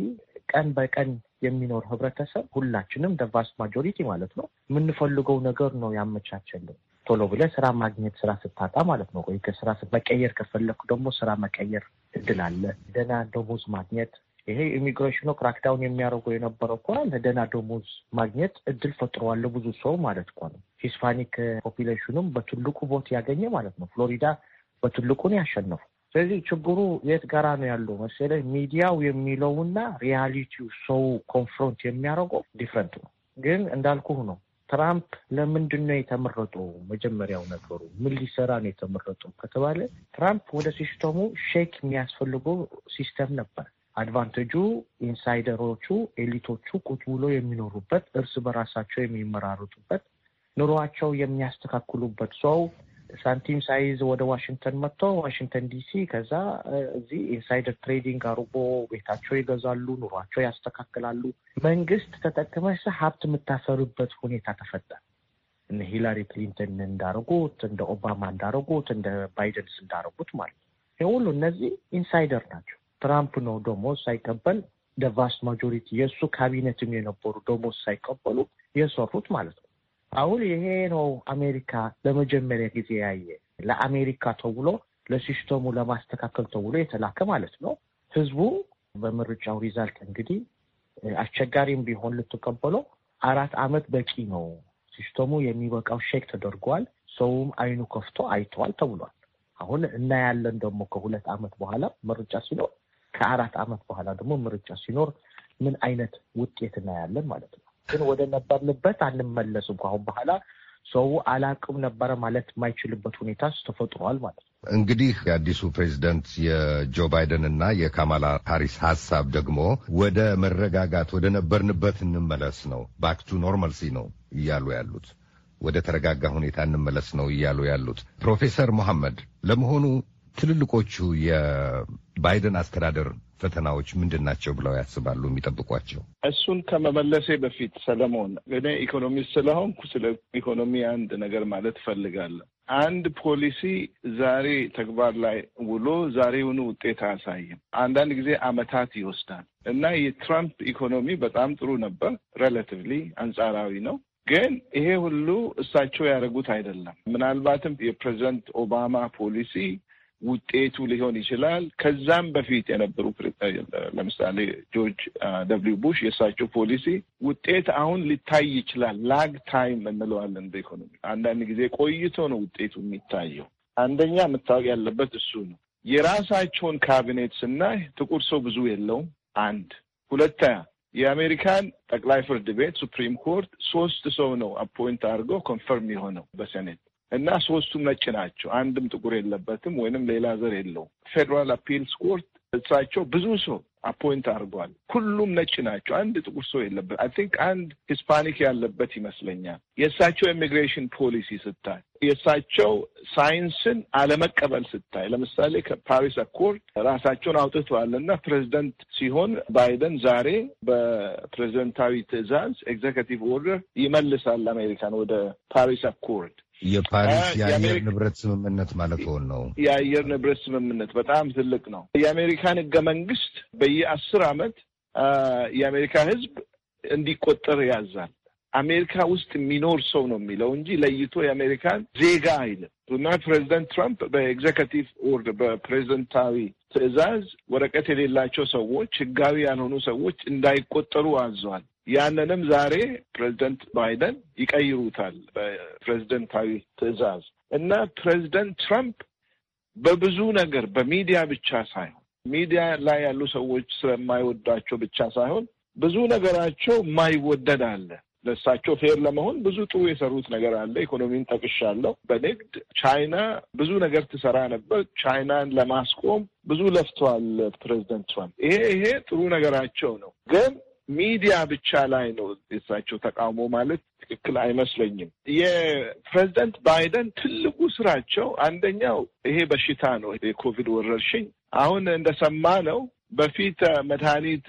ቀን በቀን የሚኖር ህብረተሰብ ሁላችንም ደቫስ ማጆሪቲ ማለት ነው የምንፈልገው ነገር ነው ያመቻቸልን። ቶሎ ብለ ስራ ማግኘት ስራ ስታጣ ማለት ነው። ወይ ከስራ መቀየር ከፈለግኩ ደግሞ ስራ መቀየር እድል አለ። ደህና ደሞዝ ማግኘት ይሄ ኢሚግሬሽኑ ክራክዳውን የሚያደርጉ የነበረው እኮ ለደህና ደሞዝ ማግኘት እድል ፈጥረዋለ ብዙ ሰው ማለት እኮ ነው። ሂስፓኒክ ፖፒሌሽኑም በትልቁ ቦት ያገኘ ማለት ነው። ፍሎሪዳ በትልቁ ነው ያሸነፉ። ስለዚህ ችግሩ የት ጋራ ነው ያለው መሰለህ? ሚዲያው የሚለውና ሪያሊቲው ሰው ኮንፍሮንት የሚያደርገው ዲፍረንት ነው። ግን እንዳልኩህ ነው። ትራምፕ ለምንድን ነው የተመረጠው? መጀመሪያው ነገሩ ምን ሊሰራ ነው የተመረጠው ከተባለ ትራምፕ ወደ ሲስተሙ ሼክ የሚያስፈልገው ሲስተም ነበር። አድቫንቴጁ ኢንሳይደሮቹ፣ ኤሊቶቹ ቁጭ ብሎ የሚኖሩበት፣ እርስ በራሳቸው የሚመራርጡበት ኑሯቸው የሚያስተካክሉበት ሰው ሳንቲም ሳይዝ ወደ ዋሽንግተን መጥቶ ዋሽንግተን ዲሲ ከዛ እዚህ ኢንሳይደር ትሬዲንግ አርጎ ቤታቸው ይገዛሉ፣ ኑሯቸው ያስተካክላሉ። መንግስት ተጠቅመሽ ሀብት የምታፈሩበት ሁኔታ ተፈጠረ። እነ ሂላሪ ክሊንተን እንዳረጉት፣ እንደ ኦባማ እንዳረጉት፣ እንደ ባይደንስ እንዳረጉት ማለት ነው። ይህ ሁሉ እነዚህ ኢንሳይደር ናቸው። ትራምፕ ነው ደሞዝ ሳይቀበል ደቫስት ማጆሪቲ የእሱ ካቢኔትም የነበሩ ደሞዝ ሳይቀበሉ የሰሩት ማለት ነው። አሁን ይሄ ነው አሜሪካ ለመጀመሪያ ጊዜ ያየ ለአሜሪካ ተብሎ ለሲስተሙ ለማስተካከል ተብሎ የተላከ ማለት ነው። ህዝቡ በምርጫው ሪዛልት እንግዲህ አስቸጋሪም ቢሆን ልትቀበለው አራት አመት በቂ ነው፣ ሲስተሙ የሚበቃው ሼክ ተደርጓል፣ ሰውም አይኑ ከፍቶ አይተዋል ተብሏል። አሁን እናያለን ደግሞ ከሁለት አመት በኋላ ምርጫ ሲኖር፣ ከአራት አመት በኋላ ደግሞ ምርጫ ሲኖር ምን አይነት ውጤት እናያለን ማለት ነው። ግን ወደ ነበርንበት አንመለስም ከአሁን በኋላ ሰው አላቅም ነበረ ማለት የማይችልበት ሁኔታ ተፈጥሯል ማለት ነው። እንግዲህ የአዲሱ ፕሬዚደንት የጆ ባይደን እና የካማላ ሃሪስ ሀሳብ ደግሞ ወደ መረጋጋት ወደ ነበርንበት እንመለስ ነው፣ ባክ ቱ ኖርማልሲ ነው እያሉ ያሉት፣ ወደ ተረጋጋ ሁኔታ እንመለስ ነው እያሉ ያሉት። ፕሮፌሰር መሐመድ ለመሆኑ ትልልቆቹ የባይደን አስተዳደር ፈተናዎች ምንድን ናቸው ብለው ያስባሉ የሚጠብቋቸው? እሱን ከመመለሴ በፊት ሰለሞን፣ እኔ ኢኮኖሚስት ስለሆንኩ ስለ ኢኮኖሚ አንድ ነገር ማለት እፈልጋለሁ። አንድ ፖሊሲ ዛሬ ተግባር ላይ ውሎ ዛሬውኑ ውጤት አያሳይም። አንዳንድ ጊዜ አመታት ይወስዳል እና የትራምፕ ኢኮኖሚ በጣም ጥሩ ነበር። ሬላቲቭሊ አንጻራዊ ነው። ግን ይሄ ሁሉ እሳቸው ያደረጉት አይደለም። ምናልባትም የፕሬዚደንት ኦባማ ፖሊሲ ውጤቱ ሊሆን ይችላል። ከዛም በፊት የነበሩ ለምሳሌ ጆርጅ ደብሊው ቡሽ የእሳቸው ፖሊሲ ውጤት አሁን ሊታይ ይችላል። ላግ ታይም እንለዋለን በኢኮኖሚ አንዳንድ ጊዜ ቆይቶ ነው ውጤቱ የሚታየው። አንደኛ መታወቅ ያለበት እሱ ነው። የራሳቸውን ካቢኔት ስናይ ጥቁር ሰው ብዙ የለውም። አንድ ሁለተኛ የአሜሪካን ጠቅላይ ፍርድ ቤት ሱፕሪም ኮርት ሶስት ሰው ነው አፖይንት አድርገው ኮንፈርም የሆነው በሴኔት እና ሶስቱም ነጭ ናቸው። አንድም ጥቁር የለበትም ወይንም ሌላ ዘር የለው። ፌዴራል አፒልስ ኮርት እሳቸው ብዙ ሰው አፖይንት አድርጓል። ሁሉም ነጭ ናቸው። አንድ ጥቁር ሰው የለበት። አይ ቲንክ አንድ ሂስፓኒክ ያለበት ይመስለኛል። የእሳቸው ኢሚግሬሽን ፖሊሲ ስታይ፣ የእሳቸው ሳይንስን አለመቀበል ስታይ፣ ለምሳሌ ከፓሪስ አኮርድ ራሳቸውን አውጥተዋልና ፕሬዚደንት ሲሆን ባይደን ዛሬ በፕሬዚደንታዊ ትዕዛዝ ኤግዜኪቲቭ ኦርደር ይመልሳል አሜሪካን ወደ ፓሪስ አኮርድ የፓሪስ የአየር ንብረት ስምምነት ማለት ሆን ነው። የአየር ንብረት ስምምነት በጣም ትልቅ ነው። የአሜሪካን ህገ መንግስት በየአስር አመት የአሜሪካ ህዝብ እንዲቆጠር ያዛል። አሜሪካ ውስጥ የሚኖር ሰው ነው የሚለው እንጂ ለይቶ የአሜሪካን ዜጋ አይልም። እና ፕሬዚደንት ትራምፕ በኤግዜክቲቭ ኦርደር በፕሬዚደንታዊ ትዕዛዝ ወረቀት የሌላቸው ሰዎች፣ ህጋዊ ያልሆኑ ሰዎች እንዳይቆጠሩ አዘዋል። ያንንም ዛሬ ፕሬዚደንት ባይደን ይቀይሩታል በፕሬዚደንታዊ ትዕዛዝ እና ፕሬዚደንት ትራምፕ በብዙ ነገር በሚዲያ ብቻ ሳይሆን ሚዲያ ላይ ያሉ ሰዎች ስለማይወዷቸው ብቻ ሳይሆን ብዙ ነገራቸው ማይወደድ አለ። ለእሳቸው ፌር ለመሆን ብዙ ጥሩ የሰሩት ነገር አለ። ኢኮኖሚን ጠቅሻለሁ። በንግድ ቻይና ብዙ ነገር ትሰራ ነበር። ቻይናን ለማስቆም ብዙ ለፍተዋል ፕሬዚደንት ትራምፕ። ይሄ ይሄ ጥሩ ነገራቸው ነው ግን ሚዲያ ብቻ ላይ ነው የሳቸው ተቃውሞ ማለት ትክክል አይመስለኝም። የፕሬዚደንት ባይደን ትልቁ ስራቸው አንደኛው ይሄ በሽታ ነው፣ የኮቪድ ወረርሽኝ አሁን እንደሰማ ነው በፊት መድኃኒት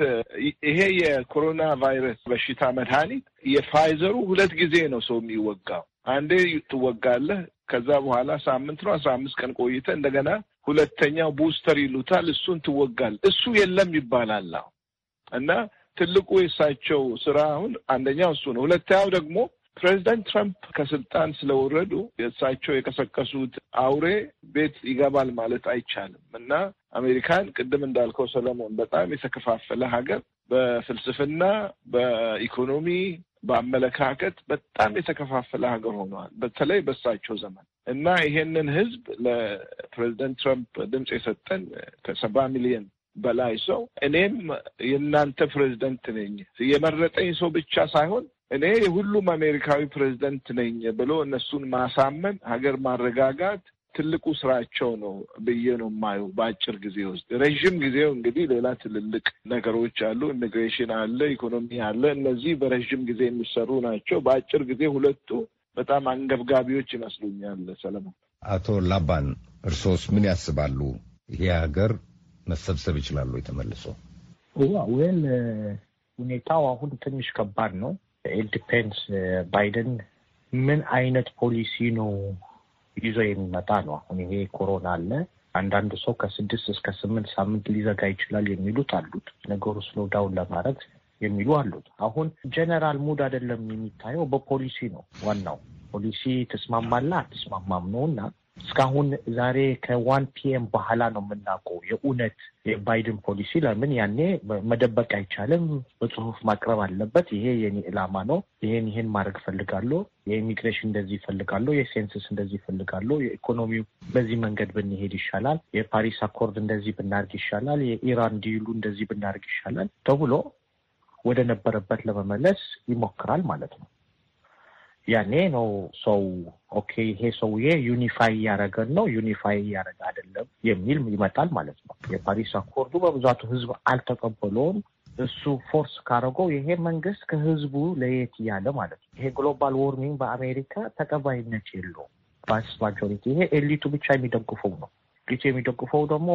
ይሄ የኮሮና ቫይረስ በሽታ መድኃኒት የፋይዘሩ ሁለት ጊዜ ነው ሰው የሚወጋው። አንዴ ትወጋለህ፣ ከዛ በኋላ ሳምንት ነው አስራ አምስት ቀን ቆይተ እንደገና ሁለተኛው ቡስተር ይሉታል፣ እሱን ትወጋል። እሱ የለም ይባላል እና ትልቁ የእሳቸው ስራ አሁን አንደኛው እሱ ነው። ሁለተኛው ደግሞ ፕሬዚዳንት ትራምፕ ከስልጣን ስለወረዱ የእሳቸው የቀሰቀሱት አውሬ ቤት ይገባል ማለት አይቻልም እና አሜሪካን ቅድም እንዳልከው ሰለሞን በጣም የተከፋፈለ ሀገር በፍልስፍና፣ በኢኮኖሚ፣ በአመለካከት በጣም የተከፋፈለ ሀገር ሆኗል። በተለይ በእሳቸው ዘመን እና ይሄንን ህዝብ ለፕሬዚደንት ትራምፕ ድምፅ የሰጠን ከሰባ ሚሊዮን በላይ ሰው እኔም የእናንተ ፕሬዚደንት ነኝ የመረጠኝ ሰው ብቻ ሳይሆን እኔ የሁሉም አሜሪካዊ ፕሬዚደንት ነኝ ብሎ እነሱን ማሳመን ሀገር ማረጋጋት ትልቁ ስራቸው ነው ብዬ ነው የማየው። በአጭር ጊዜ ውስጥ ረዥም ጊዜው እንግዲህ ሌላ ትልልቅ ነገሮች አሉ። ኢሚግሬሽን አለ፣ ኢኮኖሚ አለ። እነዚህ በረዥም ጊዜ የሚሰሩ ናቸው። በአጭር ጊዜ ሁለቱ በጣም አንገብጋቢዎች ይመስሉኛል። ሰለሞን፣ አቶ ላባን እርሶስ ምን ያስባሉ? ይሄ ሀገር መሰብሰብ ይችላሉ? የተመልሶ ዌል uh, ሁኔታው አሁን ትንሽ ከባድ ነው። ኢንዲፔንስ ባይደን uh, ምን አይነት ፖሊሲ ነው ይዞ የሚመጣ ነው። አሁን ይሄ ኮሮና አለ። አንዳንድ ሰው ከስድስት እስከ ስምንት ሳምንት ሊዘጋ ይችላል የሚሉት አሉት። ነገሩ ስሎዳውን ለማድረግ የሚሉ አሉት። አሁን ጀነራል ሙድ አይደለም የሚታየው፣ በፖሊሲ ነው ዋናው። ፖሊሲ ትስማማለህ አትስማማም ነው እና እስካሁን ዛሬ ከዋን ፒኤም በኋላ ነው የምናውቀው የእውነት የባይድን ፖሊሲ። ለምን ያኔ መደበቅ አይቻልም፣ በጽሁፍ ማቅረብ አለበት። ይሄ የኔ ዕላማ ነው፣ ይሄን ይሄን ማድረግ ፈልጋለሁ፣ የኢሚግሬሽን እንደዚህ ይፈልጋለሁ፣ የሴንስስ እንደዚህ ይፈልጋለሁ፣ የኢኮኖሚው በዚህ መንገድ ብንሄድ ይሻላል፣ የፓሪስ አኮርድ እንደዚህ ብናርግ ይሻላል፣ የኢራን ዲሉ እንደዚህ ብናርግ ይሻላል ተብሎ ወደ ነበረበት ለመመለስ ይሞክራል ማለት ነው። ያኔ ነው ሰው ኦኬ ይሄ ሰውዬ ዩኒፋይ እያደረገን ነው፣ ዩኒፋይ እያደረገ አይደለም የሚል ይመጣል ማለት ነው። የፓሪስ አኮርዱ በብዛቱ ህዝብ አልተቀበለውም። እሱ ፎርስ ካደረገው ይሄ መንግስት ከህዝቡ ለየት እያለ ማለት ነው። ይሄ ግሎባል ዎርሚንግ በአሜሪካ ተቀባይነት የለውም። ባስ ማጆሪቲ ይሄ ኤሊቱ ብቻ የሚደግፈው ነው። ኤሊቱ የሚደግፈው ደግሞ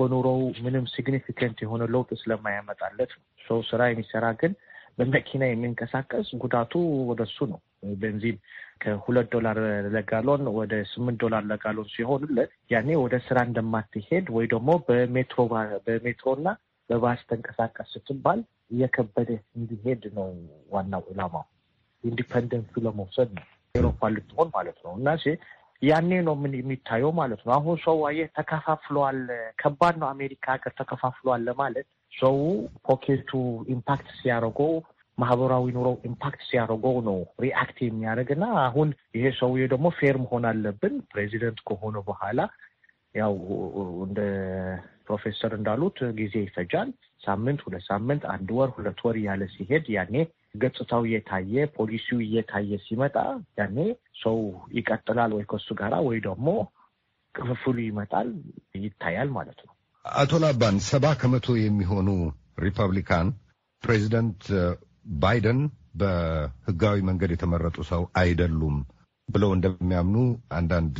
በኑሮው ምንም ሲግኒፊካንት የሆነ ለውጥ ስለማያመጣለት ሰው ስራ የሚሰራ ግን በመኪና የሚንቀሳቀስ ጉዳቱ ወደሱ ነው። ቤንዚን ከሁለት ዶላር ለጋሎን ወደ ስምንት ዶላር ለጋሎን ሲሆንለት ያኔ ወደ ስራ እንደማትሄድ ወይ ደግሞ በሜትሮ በሜትሮና በባስ ተንቀሳቀስ ስትባል እየከበደ እንዲሄድ ነው ዋናው ኢላማው። ኢንዲፐንደንሱ ለመውሰድ ነው ኤሮፓ ልትሆን ማለት ነው። እና ያኔ ነው ምን የሚታየው ማለት ነው። አሁን ሰው አየህ ተከፋፍለዋል። ከባድ ነው አሜሪካ ሀገር ተከፋፍለዋል ለማለት ሰው ፖኬቱ ኢምፓክት ሲያደርገው ማህበራዊ ኑሮው ኢምፓክት ሲያደርገው ነው ሪአክት እና አሁን ይሄ ሰውዬ ደግሞ ፌር መሆን አለብን ፕሬዚደንት ከሆነ በኋላ ያው እንደ ፕሮፌሰር እንዳሉት ጊዜ ይፈጃል። ሳምንት፣ ሁለት ሳምንት፣ አንድ ወር፣ ሁለት ወር እያለ ሲሄድ ያኔ ገጽታው እየታየ ፖሊሲው እየታየ ሲመጣ ያኔ ሰው ይቀጥላል ወይ ከሱ ጋራ ወይ ደግሞ ክፍፍሉ ይመጣል ይታያል ማለት ነው። አቶ ላባን ሰባ ከመቶ የሚሆኑ ሪፐብሊካን ፕሬዚደንት ባይደን በህጋዊ መንገድ የተመረጡ ሰው አይደሉም ብለው እንደሚያምኑ አንዳንድ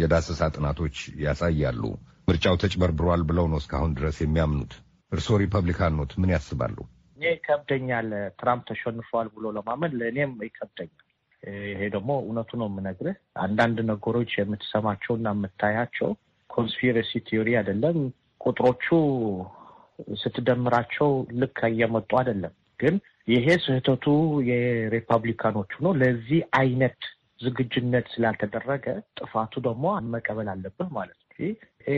የዳሰሳ ጥናቶች ያሳያሉ። ምርጫው ተጭበርብሯል ብለው ነው እስካሁን ድረስ የሚያምኑት። እርስዎ ሪፐብሊካን ኖት፣ ምን ያስባሉ? እኔ ይከብደኛል፣ ትራምፕ ተሸንፏል ብሎ ለማመን ለእኔም ይከብደኛል። ይሄ ደግሞ እውነቱ ነው የምነግርህ። አንዳንድ ነገሮች የምትሰማቸውና የምታያቸው ኮንስፒሬሲ ቲዮሪ አይደለም። ቁጥሮቹ ስትደምራቸው ልክ እየመጡ አይደለም ግን ይሄ ስህተቱ የሪፐብሊካኖቹ ነው። ለዚህ አይነት ዝግጁነት ስላልተደረገ ጥፋቱ ደግሞ መቀበል አለብህ ማለት ነው።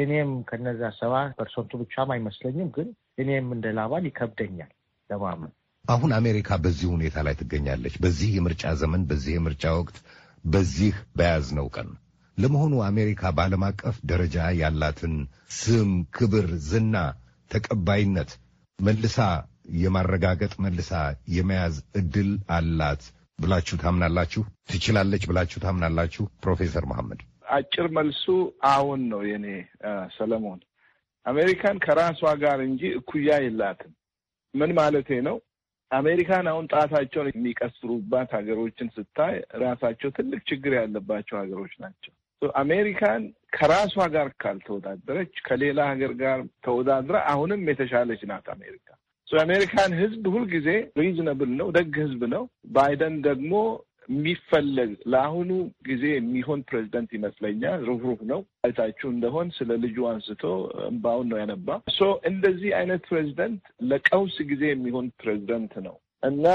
እኔም ከነዛ ሰባ ፐርሰንቱ ብቻም አይመስለኝም፣ ግን እኔም እንደ ላባል ይከብደኛል ለማመን። አሁን አሜሪካ በዚህ ሁኔታ ላይ ትገኛለች። በዚህ የምርጫ ዘመን፣ በዚህ የምርጫ ወቅት፣ በዚህ በያዝነው ቀን ለመሆኑ አሜሪካ በዓለም አቀፍ ደረጃ ያላትን ስም፣ ክብር፣ ዝና፣ ተቀባይነት መልሳ የማረጋገጥ መልሳ የመያዝ እድል አላት ብላችሁ ታምናላችሁ? ትችላለች ብላችሁ ታምናላችሁ? ፕሮፌሰር መሐመድ አጭር መልሱ አሁን ነው የኔ ሰለሞን። አሜሪካን ከራሷ ጋር እንጂ እኩያ የላትም። ምን ማለቴ ነው? አሜሪካን አሁን ጣታቸውን የሚቀስሩባት ሀገሮችን ስታይ ራሳቸው ትልቅ ችግር ያለባቸው ሀገሮች ናቸው። አሜሪካን ከራሷ ጋር ካልተወዳደረች ከሌላ ሀገር ጋር ተወዳድራ አሁንም የተሻለች ናት አሜሪካ። የአሜሪካን ህዝብ ሁልጊዜ ሪዝነብል ነው፣ ደግ ህዝብ ነው። ባይደን ደግሞ የሚፈለግ ለአሁኑ ጊዜ የሚሆን ፕሬዚደንት ይመስለኛል። ሩህሩህ ነው። አይታችሁ እንደሆን ስለ ልጁ አንስቶ እምባውን ነው ያነባ። ሶ እንደዚህ አይነት ፕሬዚደንት ለቀውስ ጊዜ የሚሆን ፕሬዚደንት ነው። እና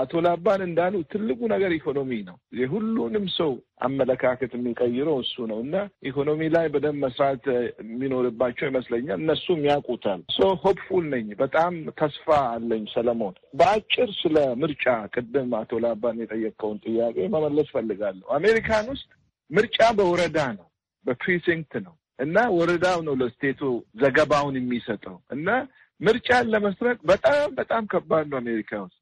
አቶ ላባን እንዳሉ ትልቁ ነገር ኢኮኖሚ ነው። የሁሉንም ሰው አመለካከት የሚቀይረው እሱ ነው እና ኢኮኖሚ ላይ በደንብ መስራት የሚኖርባቸው ይመስለኛል። እነሱም ያውቁታል። ሶ ሆፕፉል ነኝ፣ በጣም ተስፋ አለኝ። ሰለሞን፣ በአጭር ስለ ምርጫ ቅድም አቶ ላባን የጠየቀውን ጥያቄ መመለስ ፈልጋለሁ። አሜሪካን ውስጥ ምርጫ በወረዳ ነው፣ በፕሪሲንክት ነው እና ወረዳው ነው ለስቴቱ ዘገባውን የሚሰጠው እና ምርጫን ለመስረቅ በጣም በጣም ከባድ ነው አሜሪካ ውስጥ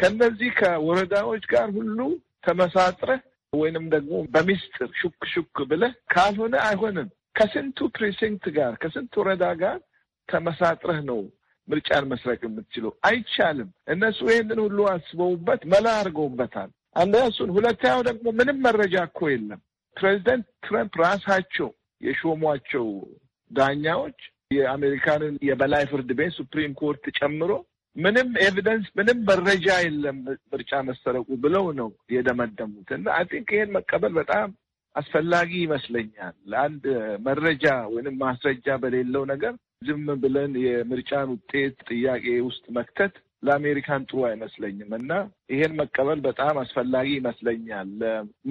ከነዚህ ከወረዳዎች ጋር ሁሉ ተመሳጥረህ ወይንም ደግሞ በሚስጥር ሹክ ሹክ ብለህ ካልሆነ አይሆንም። ከስንቱ ፕሪሲንክት ጋር ከስንቱ ወረዳ ጋር ተመሳጥረህ ነው ምርጫን መስረቅ የምትችለው? አይቻልም። እነሱ ይህንን ሁሉ አስበውበት መላ አድርገውበታል። አንደኛ እሱን፣ ሁለተኛው ደግሞ ምንም መረጃ እኮ የለም። ፕሬዚደንት ትረምፕ ራሳቸው የሾሟቸው ዳኛዎች የአሜሪካንን የበላይ ፍርድ ቤት ሱፕሪም ኮርት ጨምሮ ምንም ኤቪደንስ ምንም መረጃ የለም ምርጫ መሰረቁ ብለው ነው የደመደሙት። እና አይ ቲንክ ይሄን መቀበል በጣም አስፈላጊ ይመስለኛል። ለአንድ መረጃ ወይንም ማስረጃ በሌለው ነገር ዝም ብለን የምርጫን ውጤት ጥያቄ ውስጥ መክተት ለአሜሪካን ጥሩ አይመስለኝም እና ይሄን መቀበል በጣም አስፈላጊ ይመስለኛል።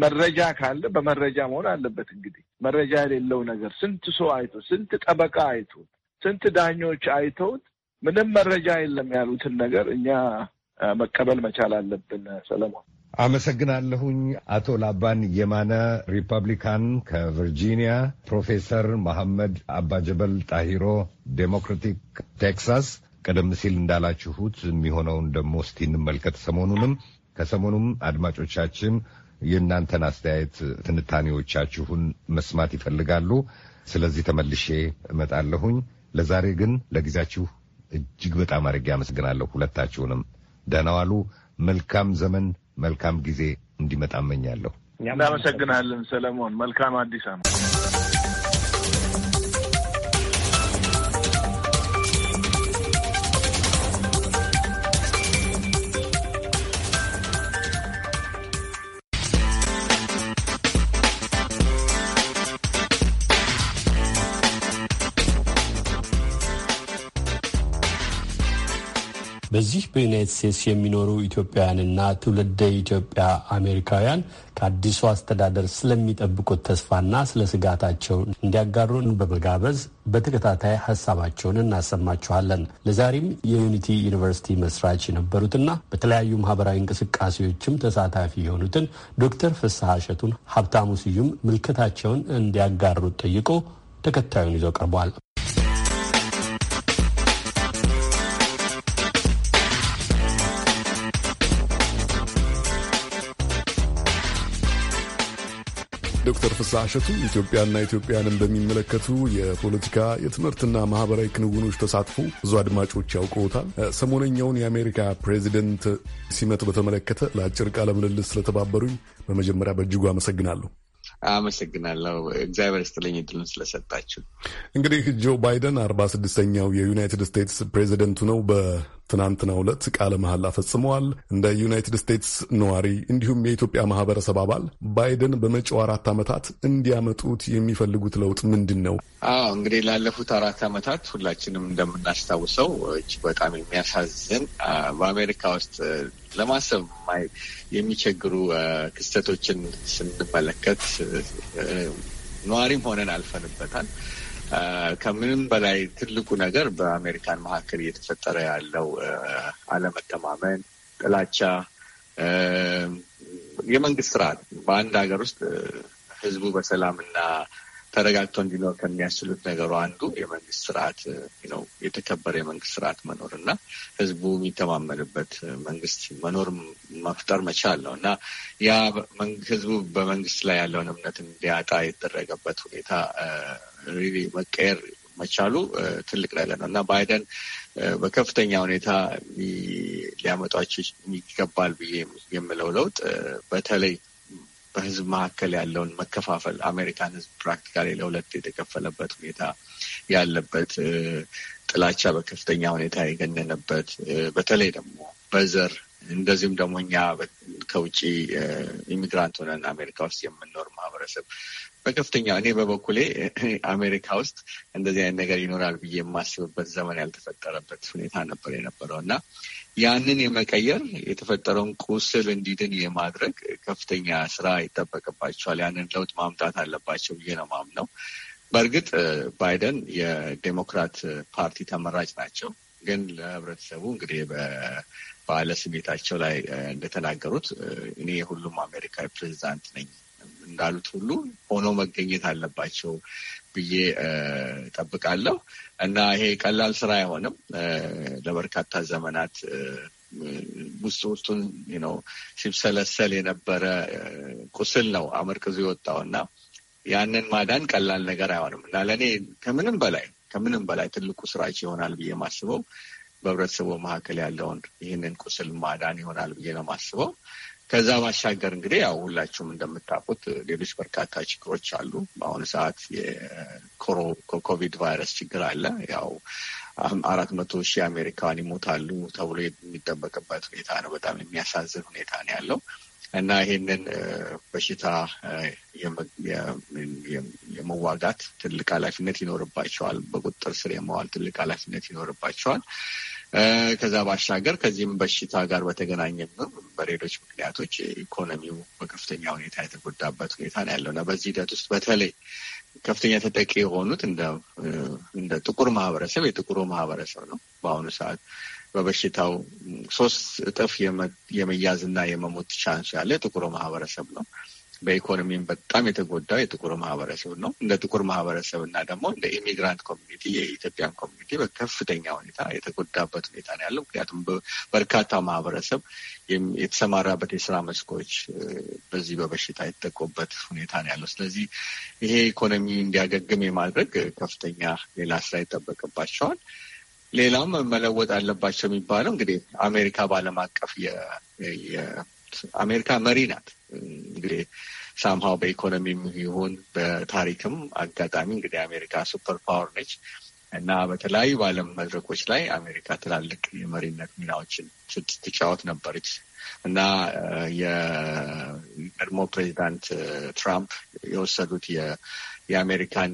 መረጃ ካለ በመረጃ መሆን አለበት። እንግዲህ መረጃ የሌለው ነገር ስንት ሰው አይቶ ስንት ጠበቃ አይቶ ስንት ዳኞች አይተውት ምንም መረጃ የለም ያሉትን ነገር እኛ መቀበል መቻል አለብን። ሰለሞን አመሰግናለሁኝ። አቶ ላባን የማነ ሪፐብሊካን ከቨርጂኒያ፣ ፕሮፌሰር መሐመድ አባጀበል ጣሂሮ ዴሞክራቲክ ቴክሳስ። ቀደም ሲል እንዳላችሁት የሚሆነውን ደግሞ እስቲ እንመልከት። ሰሞኑንም ከሰሞኑም አድማጮቻችን የእናንተን አስተያየት ትንታኔዎቻችሁን መስማት ይፈልጋሉ። ስለዚህ ተመልሼ እመጣለሁኝ። ለዛሬ ግን ለጊዜያችሁ እጅግ በጣም አድርጌ አመሰግናለሁ ሁለታችሁንም። ደህና ዋሉ። መልካም ዘመን፣ መልካም ጊዜ እንዲመጣ እመኛለሁ። እናመሰግናለን ሰለሞን። መልካም አዲስ አመት። በዚህ በዩናይት ስቴትስ የሚኖሩ ኢትዮጵያውያንና ትውልደ ኢትዮጵያ አሜሪካውያን ከአዲሱ አስተዳደር ስለሚጠብቁት ተስፋና ስለ ስጋታቸው እንዲያጋሩን በመጋበዝ በተከታታይ ሀሳባቸውን እናሰማችኋለን። ለዛሬም የዩኒቲ ዩኒቨርሲቲ መስራች የነበሩትና በተለያዩ ማህበራዊ እንቅስቃሴዎችም ተሳታፊ የሆኑትን ዶክተር ፍስሐ እሸቱን ሀብታሙ ስዩም ምልከታቸውን እንዲያጋሩት ጠይቆ ተከታዩን ይዞ ቀርቧል። ዶክተር ፍስሐ እሸቱ ኢትዮጵያና ኢትዮጵያንን በሚመለከቱ የፖለቲካ የትምህርትና ማህበራዊ ክንውኖች ተሳትፎ ብዙ አድማጮች ያውቀውታል። ሰሞነኛውን የአሜሪካ ፕሬዚደንት ሲመት በተመለከተ ለአጭር ቃለ ምልልስ ስለተባበሩኝ በመጀመሪያ በእጅጉ አመሰግናለሁ። አመሰግናለሁ። እግዚአብሔር ይስጥልኝ እድሉን ስለሰጣችሁ። እንግዲህ ጆ ባይደን አርባ ስድስተኛው የዩናይትድ ስቴትስ ፕሬዚደንቱ ነው። ትናንትና ዕለት ቃለ መሐላ ፈጽመዋል። እንደ ዩናይትድ ስቴትስ ነዋሪ እንዲሁም የኢትዮጵያ ማህበረሰብ አባል ባይደን በመጪው አራት ዓመታት እንዲያመጡት የሚፈልጉት ለውጥ ምንድን ነው? አዎ እንግዲህ ላለፉት አራት ዓመታት ሁላችንም እንደምናስታውሰው እጅግ በጣም የሚያሳዝን በአሜሪካ ውስጥ ለማሰብ የሚቸግሩ ክስተቶችን ስንመለከት ነዋሪም ሆነን አልፈንበታል። ከምንም በላይ ትልቁ ነገር በአሜሪካን መካከል እየተፈጠረ ያለው አለመተማመን፣ ጥላቻ፣ የመንግስት ስርዓት በአንድ ሀገር ውስጥ ህዝቡ በሰላምና ተረጋግተው እንዲኖር ከሚያስችሉት ነገሩ አንዱ የመንግስት ስርዓት ነው፣ የተከበረ የመንግስት ስርዓት መኖር እና ህዝቡ የሚተማመንበት መንግስት መኖር መፍጠር መቻል ነው እና ያ ህዝቡ በመንግስት ላይ ያለውን እምነት እንዲያጣ የተደረገበት ሁኔታ መቀየር መቻሉ ትልቅ ነገር ነው እና ባይደን በከፍተኛ ሁኔታ ሊያመጧቸው ይገባል ብዬ የምለው ለውጥ በተለይ በህዝብ መካከል ያለውን መከፋፈል አሜሪካን ህዝብ ፕራክቲካሊ ለሁለት የተከፈለበት ሁኔታ ያለበት፣ ጥላቻ በከፍተኛ ሁኔታ የገነነበት በተለይ ደግሞ በዘር እንደዚሁም ደግሞ እኛ ከውጭ ኢሚግራንት ሆነን አሜሪካ ውስጥ የምንኖር ማህበረሰብ በከፍተኛ እኔ በበኩሌ አሜሪካ ውስጥ እንደዚህ አይነት ነገር ይኖራል ብዬ የማስብበት ዘመን ያልተፈጠረበት ሁኔታ ነበር የነበረው እና ያንን የመቀየር የተፈጠረውን ቁስል እንዲድን የማድረግ ከፍተኛ ስራ ይጠበቅባቸዋል። ያንን ለውጥ ማምጣት አለባቸው ብዬ ነው የማምነው። በእርግጥ ባይደን የዴሞክራት ፓርቲ ተመራጭ ናቸው፣ ግን ለህብረተሰቡ እንግዲህ በበዓለ ስሜታቸው ላይ እንደተናገሩት እኔ የሁሉም አሜሪካዊ ፕሬዚዳንት ነኝ እንዳሉት ሁሉ ሆኖ መገኘት አለባቸው ብዬ ጠብቃለሁ እና ይሄ ቀላል ስራ አይሆንም። ለበርካታ ዘመናት ውስጥ ውስጡን ነው ሲብሰለሰል የነበረ ቁስል ነው አመርቅዞ የወጣው እና ያንን ማዳን ቀላል ነገር አይሆንም እና ለእኔ ከምንም በላይ ከምንም በላይ ትልቁ ስራችን ይሆናል ብዬ ማስበው በህብረተሰቡ መካከል ያለውን ይህንን ቁስል ማዳን ይሆናል ብዬ ነው ማስበው። ከዛ ባሻገር እንግዲህ ያው ሁላችሁም እንደምታውቁት ሌሎች በርካታ ችግሮች አሉ። በአሁኑ ሰዓት የኮቪድ ቫይረስ ችግር አለ። ያው አራት መቶ ሺህ አሜሪካን ይሞታሉ ተብሎ የሚጠበቅበት ሁኔታ ነው። በጣም የሚያሳዝን ሁኔታ ነው ያለው እና ይህንን በሽታ የመዋጋት ትልቅ ኃላፊነት ይኖርባቸዋል። በቁጥጥር ስር የመዋል ትልቅ ኃላፊነት ይኖርባቸዋል። ከዛ ባሻገር ከዚህም በሽታ ጋር በተገናኘም በሌሎች ምክንያቶች ኢኮኖሚው በከፍተኛ ሁኔታ የተጎዳበት ሁኔታ ነው ያለው እና በዚህ ሂደት ውስጥ በተለይ ከፍተኛ ተጠቂ የሆኑት እንደ ጥቁር ማህበረሰብ የጥቁሩ ማህበረሰብ ነው። በአሁኑ ሰዓት በበሽታው ሶስት እጥፍ የመያዝና የመሞት ቻንስ ያለ የጥቁሮ ማህበረሰብ ነው። በኢኮኖሚም በጣም የተጎዳው የጥቁር ማህበረሰብ ነው። እንደ ጥቁር ማህበረሰብ እና ደግሞ እንደ ኢሚግራንት ኮሚኒቲ የኢትዮጵያን ኮሚኒቲ በከፍተኛ ሁኔታ የተጎዳበት ሁኔታ ነው ያለው። ምክንያቱም በርካታ ማህበረሰብ የተሰማራበት የስራ መስኮች በዚህ በበሽታ የተጠቆበት ሁኔታ ነው ያለው። ስለዚህ ይሄ ኢኮኖሚ እንዲያገግም የማድረግ ከፍተኛ ሌላ ስራ ይጠበቅባቸዋል። ሌላም መለወጥ አለባቸው የሚባለው እንግዲህ አሜሪካ በዓለም አቀፍ አሜሪካ መሪ ናት እንግዲህ ሳምሃው በኢኮኖሚም ይሁን በታሪክም አጋጣሚ እንግዲህ አሜሪካ ሱፐር ፓወር ነች እና በተለያዩ በዓለም መድረኮች ላይ አሜሪካ ትላልቅ የመሪነት ሚናዎችን ስትጫወት ነበረች እና የቀድሞ ፕሬዚዳንት ትራምፕ የወሰዱት የአሜሪካን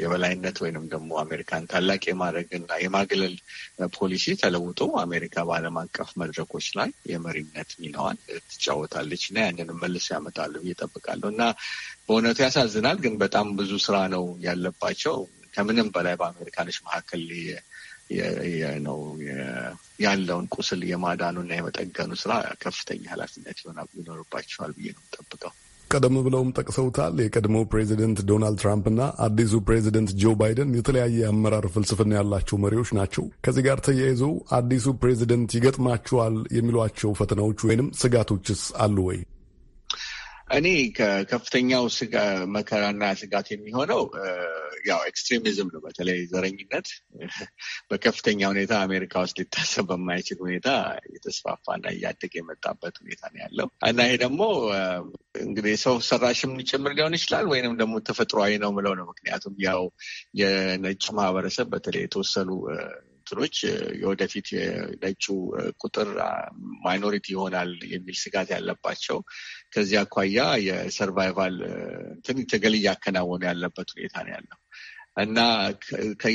የበላይነት ወይንም ደግሞ አሜሪካን ታላቅ የማድረግና የማግለል ፖሊሲ ተለውጦ አሜሪካ በዓለም አቀፍ መድረኮች ላይ የመሪነት ሚናዋን ትጫወታለች እና ያንንም መልስ ያመጣሉ እየጠብቃለሁ እና በእውነቱ ያሳዝናል፣ ግን በጣም ብዙ ስራ ነው ያለባቸው። ከምንም በላይ በአሜሪካኖች መካከል ነው ያለውን ቁስል የማዳኑ እና የመጠገኑ ስራ ከፍተኛ ኃላፊነት ይሆናል ይኖርባቸዋል ብዬ ነው የምጠብቀው። ቀደም ብለውም ጠቅሰውታል። የቀድሞው ፕሬዚደንት ዶናልድ ትራምፕ እና አዲሱ ፕሬዚደንት ጆ ባይደን የተለያየ አመራር ፍልስፍና ያላቸው መሪዎች ናቸው። ከዚህ ጋር ተያይዘው አዲሱ ፕሬዚደንት ይገጥማቸዋል የሚሏቸው ፈተናዎች ወይንም ስጋቶችስ አሉ ወይ? እኔ ከከፍተኛው ስጋ መከራና ስጋት የሚሆነው ያው ኤክስትሪሚዝም ነው። በተለይ ዘረኝነት *laughs* በከፍተኛ ሁኔታ አሜሪካ ውስጥ ሊታሰብ በማይችል ሁኔታ እየተስፋፋና እያደገ የመጣበት ሁኔታ ነው ያለው እና ይሄ ደግሞ እንግዲህ ሰው ሰራሽም ጭምር ሊሆን ይችላል ወይንም ደግሞ ተፈጥሯዊ ነው ምለው ነው። ምክንያቱም ያው የነጭ ማህበረሰብ በተለይ የተወሰኑ እንትኖች የወደፊት ነጩ ቁጥር ማይኖሪቲ ይሆናል የሚል ስጋት ያለባቸው ከዚህ አኳያ የሰርቫይቫል እንትን ትግል እያከናወኑ ያለበት ሁኔታ ነው ያለው እና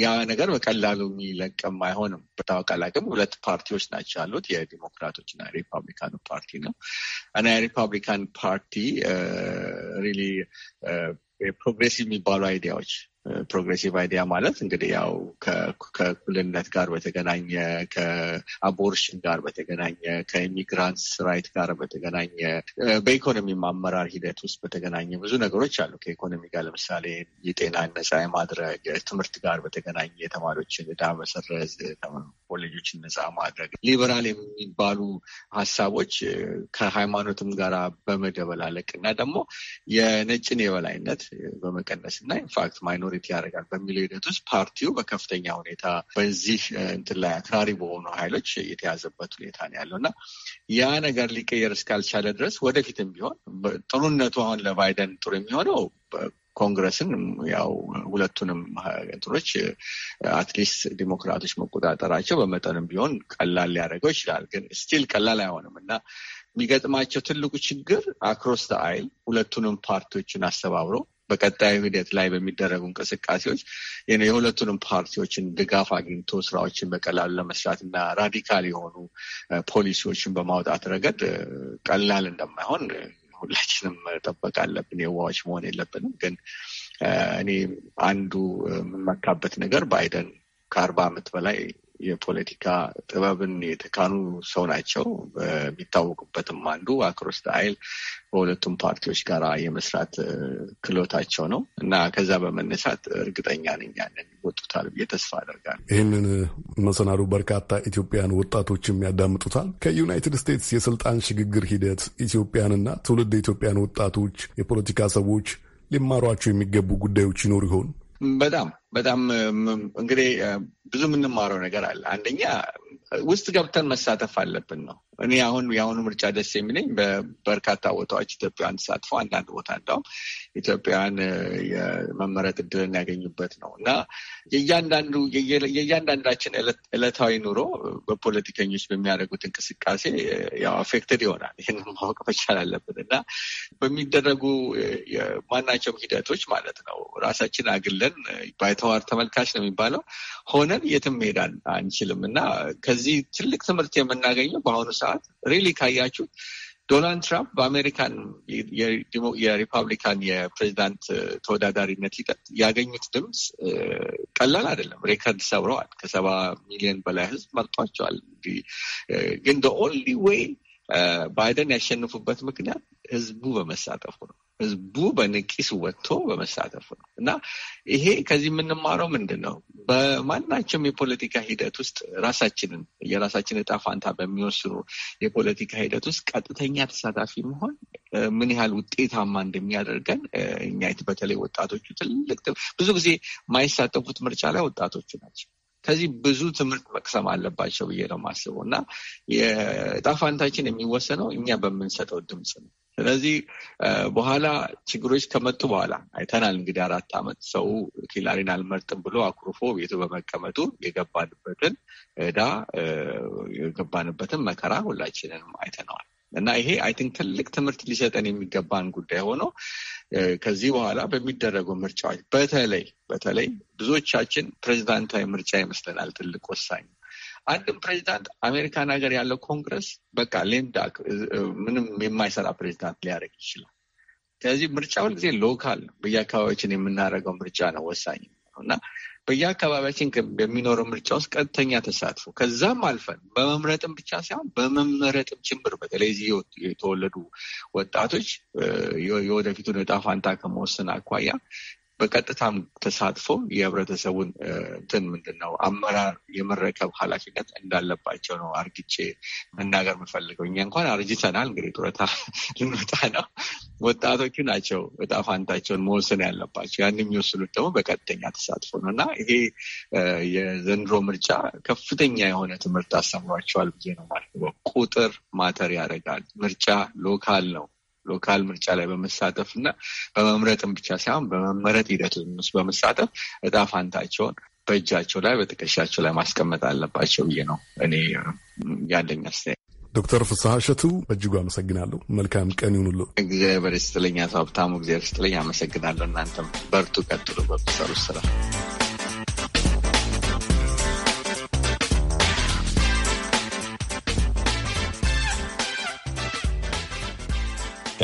ያ ነገር በቀላሉ የሚለቅም አይሆንም። በታወቃል አቅም ሁለት ፓርቲዎች ናቸው ያሉት የዲሞክራቶች እና የሪፐብሊካኑ ፓርቲ ነው እና የሪፐብሊካን ፓርቲ ሪሊ ፕሮግሬሲቭ የሚባሉ አይዲያዎች ፕሮግሬሲቭ አይዲያ ማለት እንግዲህ ያው ከእኩልነት ጋር በተገናኘ ከአቦርሽን ጋር በተገናኘ ከኢሚግራንትስ ራይት ጋር በተገናኘ በኢኮኖሚ አመራር ሂደት ውስጥ በተገናኘ ብዙ ነገሮች አሉ። ከኢኮኖሚ ጋር ለምሳሌ የጤና ነፃ የማድረግ ትምህርት ጋር በተገናኘ የተማሪዎችን እዳ መሰረዝ፣ ኮሌጆችን ነፃ ማድረግ ሊበራል የሚባሉ ሀሳቦች ከሃይማኖትም ጋር በመደበላለቅ እና ደግሞ የነጭን የበላይነት በመቀነስ እና ኢንፋክት ማይኖሪ ኦፖዚት ያደርጋል በሚለው ሂደት ውስጥ ፓርቲው በከፍተኛ ሁኔታ በዚህ እንትን ላይ አክራሪ በሆኑ ኃይሎች የተያዘበት ሁኔታ ነው ያለው እና ያ ነገር ሊቀየር እስካልቻለ ድረስ ወደፊትም ቢሆን ጥሩነቱ አሁን ለባይደን ጥሩ የሚሆነው ኮንግረስን ያው ሁለቱንም እንትኖች አትሊስት ዲሞክራቶች መቆጣጠራቸው በመጠንም ቢሆን ቀላል ሊያደርገው ይችላል። ግን ስቲል ቀላል አይሆንም እና የሚገጥማቸው ትልቁ ችግር አክሮስ አይል ሁለቱንም ፓርቲዎችን አስተባብረው በቀጣዩ ሂደት ላይ በሚደረጉ እንቅስቃሴዎች የሁለቱንም ፓርቲዎችን ድጋፍ አግኝቶ ስራዎችን በቀላሉ ለመስራት እና ራዲካል የሆኑ ፖሊሲዎችን በማውጣት ረገድ ቀላል እንደማይሆን ሁላችንም መጠበቅ አለብን። የዋዎች መሆን የለብንም። ግን እኔ አንዱ የምመካበት ነገር ባይደን ከአርባ ዓመት በላይ የፖለቲካ ጥበብን የተካኑ ሰው ናቸው። በሚታወቁበትም አንዱ አክሮስ አይል በሁለቱም ፓርቲዎች ጋር የመስራት ክሎታቸው ነው እና ከዛ በመነሳት እርግጠኛ ነኝ ያንን ይወጡታል ብዬ ተስፋ አደርጋለሁ። ይህንን መሰናዶ በርካታ ኢትዮጵያን ወጣቶችም ያዳምጡታል። ከዩናይትድ ስቴትስ የስልጣን ሽግግር ሂደት ኢትዮጵያንና ትውልድ ኢትዮጵያን ወጣቶች፣ የፖለቲካ ሰዎች ሊማሯቸው የሚገቡ ጉዳዮች ይኖሩ ይሆን? በጣም በጣም እንግዲህ ብዙ የምንማረው ነገር አለ። አንደኛ ውስጥ ገብተን መሳተፍ አለብን ነው እኔ አሁን የአሁኑ ምርጫ ደስ የሚለኝ በበርካታ ቦታዎች ኢትዮጵያውያን ተሳትፎ አንዳንድ ቦታ እንዳውም ኢትዮጵያውያን የመመረጥ እድልን ያገኙበት ነው እና የእያንዳንዱ የእያንዳንዳችን እለታዊ ኑሮ በፖለቲከኞች በሚያደርጉት እንቅስቃሴ ያው አፌክትድ ይሆናል። ይህን ማወቅ መቻል አለብን እና በሚደረጉ ማናቸውም ሂደቶች ማለት ነው ራሳችን አግለን ባይተዋር ተመልካች ነው የሚባለው ሆነን የትም መሄድ አንችልም እና ከዚህ ትልቅ ትምህርት የምናገኘው በአሁኑ ሰ ሰዓት ሪሊ ካያችሁት ዶናልድ ትራምፕ በአሜሪካን የሪፐብሊካን የፕሬዚዳንት ተወዳዳሪነት ሂደት ያገኙት ድምፅ ቀላል አይደለም። ሬከርድ ሰብረዋል። ከሰባ ሚሊዮን በላይ ህዝብ መርጧቸዋል። ግን ኦንሊ ዌይ ባይደን ያሸንፉበት ምክንያት ህዝቡ በመሳተፉ ነው። ህዝቡ በንቂስ ወጥቶ በመሳተፉ ነው እና ይሄ ከዚህ የምንማረው ምንድን ነው? በማናቸውም የፖለቲካ ሂደት ውስጥ ራሳችንን የራሳችን እጣ ፋንታ በሚወስኑ የፖለቲካ ሂደት ውስጥ ቀጥተኛ ተሳታፊ መሆን ምን ያህል ውጤታማ እንደሚያደርገን እኛ በተለይ ወጣቶቹ ትልቅ ብዙ ጊዜ የማይሳተፉት ምርጫ ላይ ወጣቶቹ ናቸው። ከዚህ ብዙ ትምህርት መቅሰም አለባቸው ብዬ ነው የማስበው እና የዕጣ የሚወሰነው እኛ በምንሰጠው ድምፅ ነው። ስለዚህ በኋላ ችግሮች ከመጡ በኋላ አይተናል። እንግዲህ አራት ዓመት ሰው ኪላሪን አልመርጥም ብሎ አኩርፎ ቤቱ በመቀመጡ የገባንበትን ዕዳ የገባንበትን መከራ ሁላችንንም አይተነዋል እና ይሄ አይ ቲንክ ትልቅ ትምህርት ሊሰጠን የሚገባን ጉዳይ ሆኖ ከዚህ በኋላ በሚደረገው ምርጫዎች በተለይ በተለይ ብዙዎቻችን ፕሬዚዳንታዊ ምርጫ ይመስለናል ትልቅ ወሳኝ አንድም ፕሬዚዳንት አሜሪካን ሀገር ያለው ኮንግረስ በቃ ሌምዳ ምንም የማይሰራ ፕሬዚዳንት ሊያደርግ ይችላል። ከዚህ ምርጫ ሁልጊዜ ሎካል በየአካባቢዎችን የምናደርገው ምርጫ ነው ወሳኝ እና በየአካባቢያችን በሚኖረው ምርጫ ውስጥ ቀጥተኛ ተሳትፎ ከዛም አልፈን በመምረጥም ብቻ ሳይሆን በመመረጥም ጭምር በተለይ እዚህ የተወለዱ ወጣቶች የወደፊቱን ዕጣ ከመወሰን አኳያ በቀጥታም ተሳትፎ የህብረተሰቡን እንትን ምንድን ነው አመራር የመረከብ ኃላፊነት እንዳለባቸው ነው አርግቼ መናገር የምፈልገው። እኛ እንኳን አርጅተናል። እንግዲህ ጡረታ *laughs* ልንወጣ ነው። ወጣቶቹ ናቸው እጣ ፋንታቸውን መወሰን ያለባቸው። ያን የሚወስኑት ደግሞ በቀጥተኛ ተሳትፎ ነው እና ይሄ የዘንድሮ ምርጫ ከፍተኛ የሆነ ትምህርት አስተምሯቸዋል ብዬ ነው ማለት ቁጥር ማተር ያደርጋል። ምርጫ ሎካል ነው። ሎካል ምርጫ ላይ በመሳተፍ እና በመምረጥም ብቻ ሳይሆን በመመረጥ ሂደት ውስጥ በመሳተፍ እጣ ፋንታቸውን በእጃቸው ላይ በትከሻቸው ላይ ማስቀመጥ አለባቸው ብዬ ነው እኔ ያለኝ አስተያየት። ዶክተር ፍስሐ እሸቱ በእጅጉ አመሰግናለሁ። መልካም ቀን ይሁንሉ። እግዚአብሔር ይስጥልኝ። ሀሳብታሙ እግዚአብሔር ይስጥልኝ። አመሰግናለሁ። እናንተም በርቱ፣ ቀጥሉ በሚሰሩት ስራ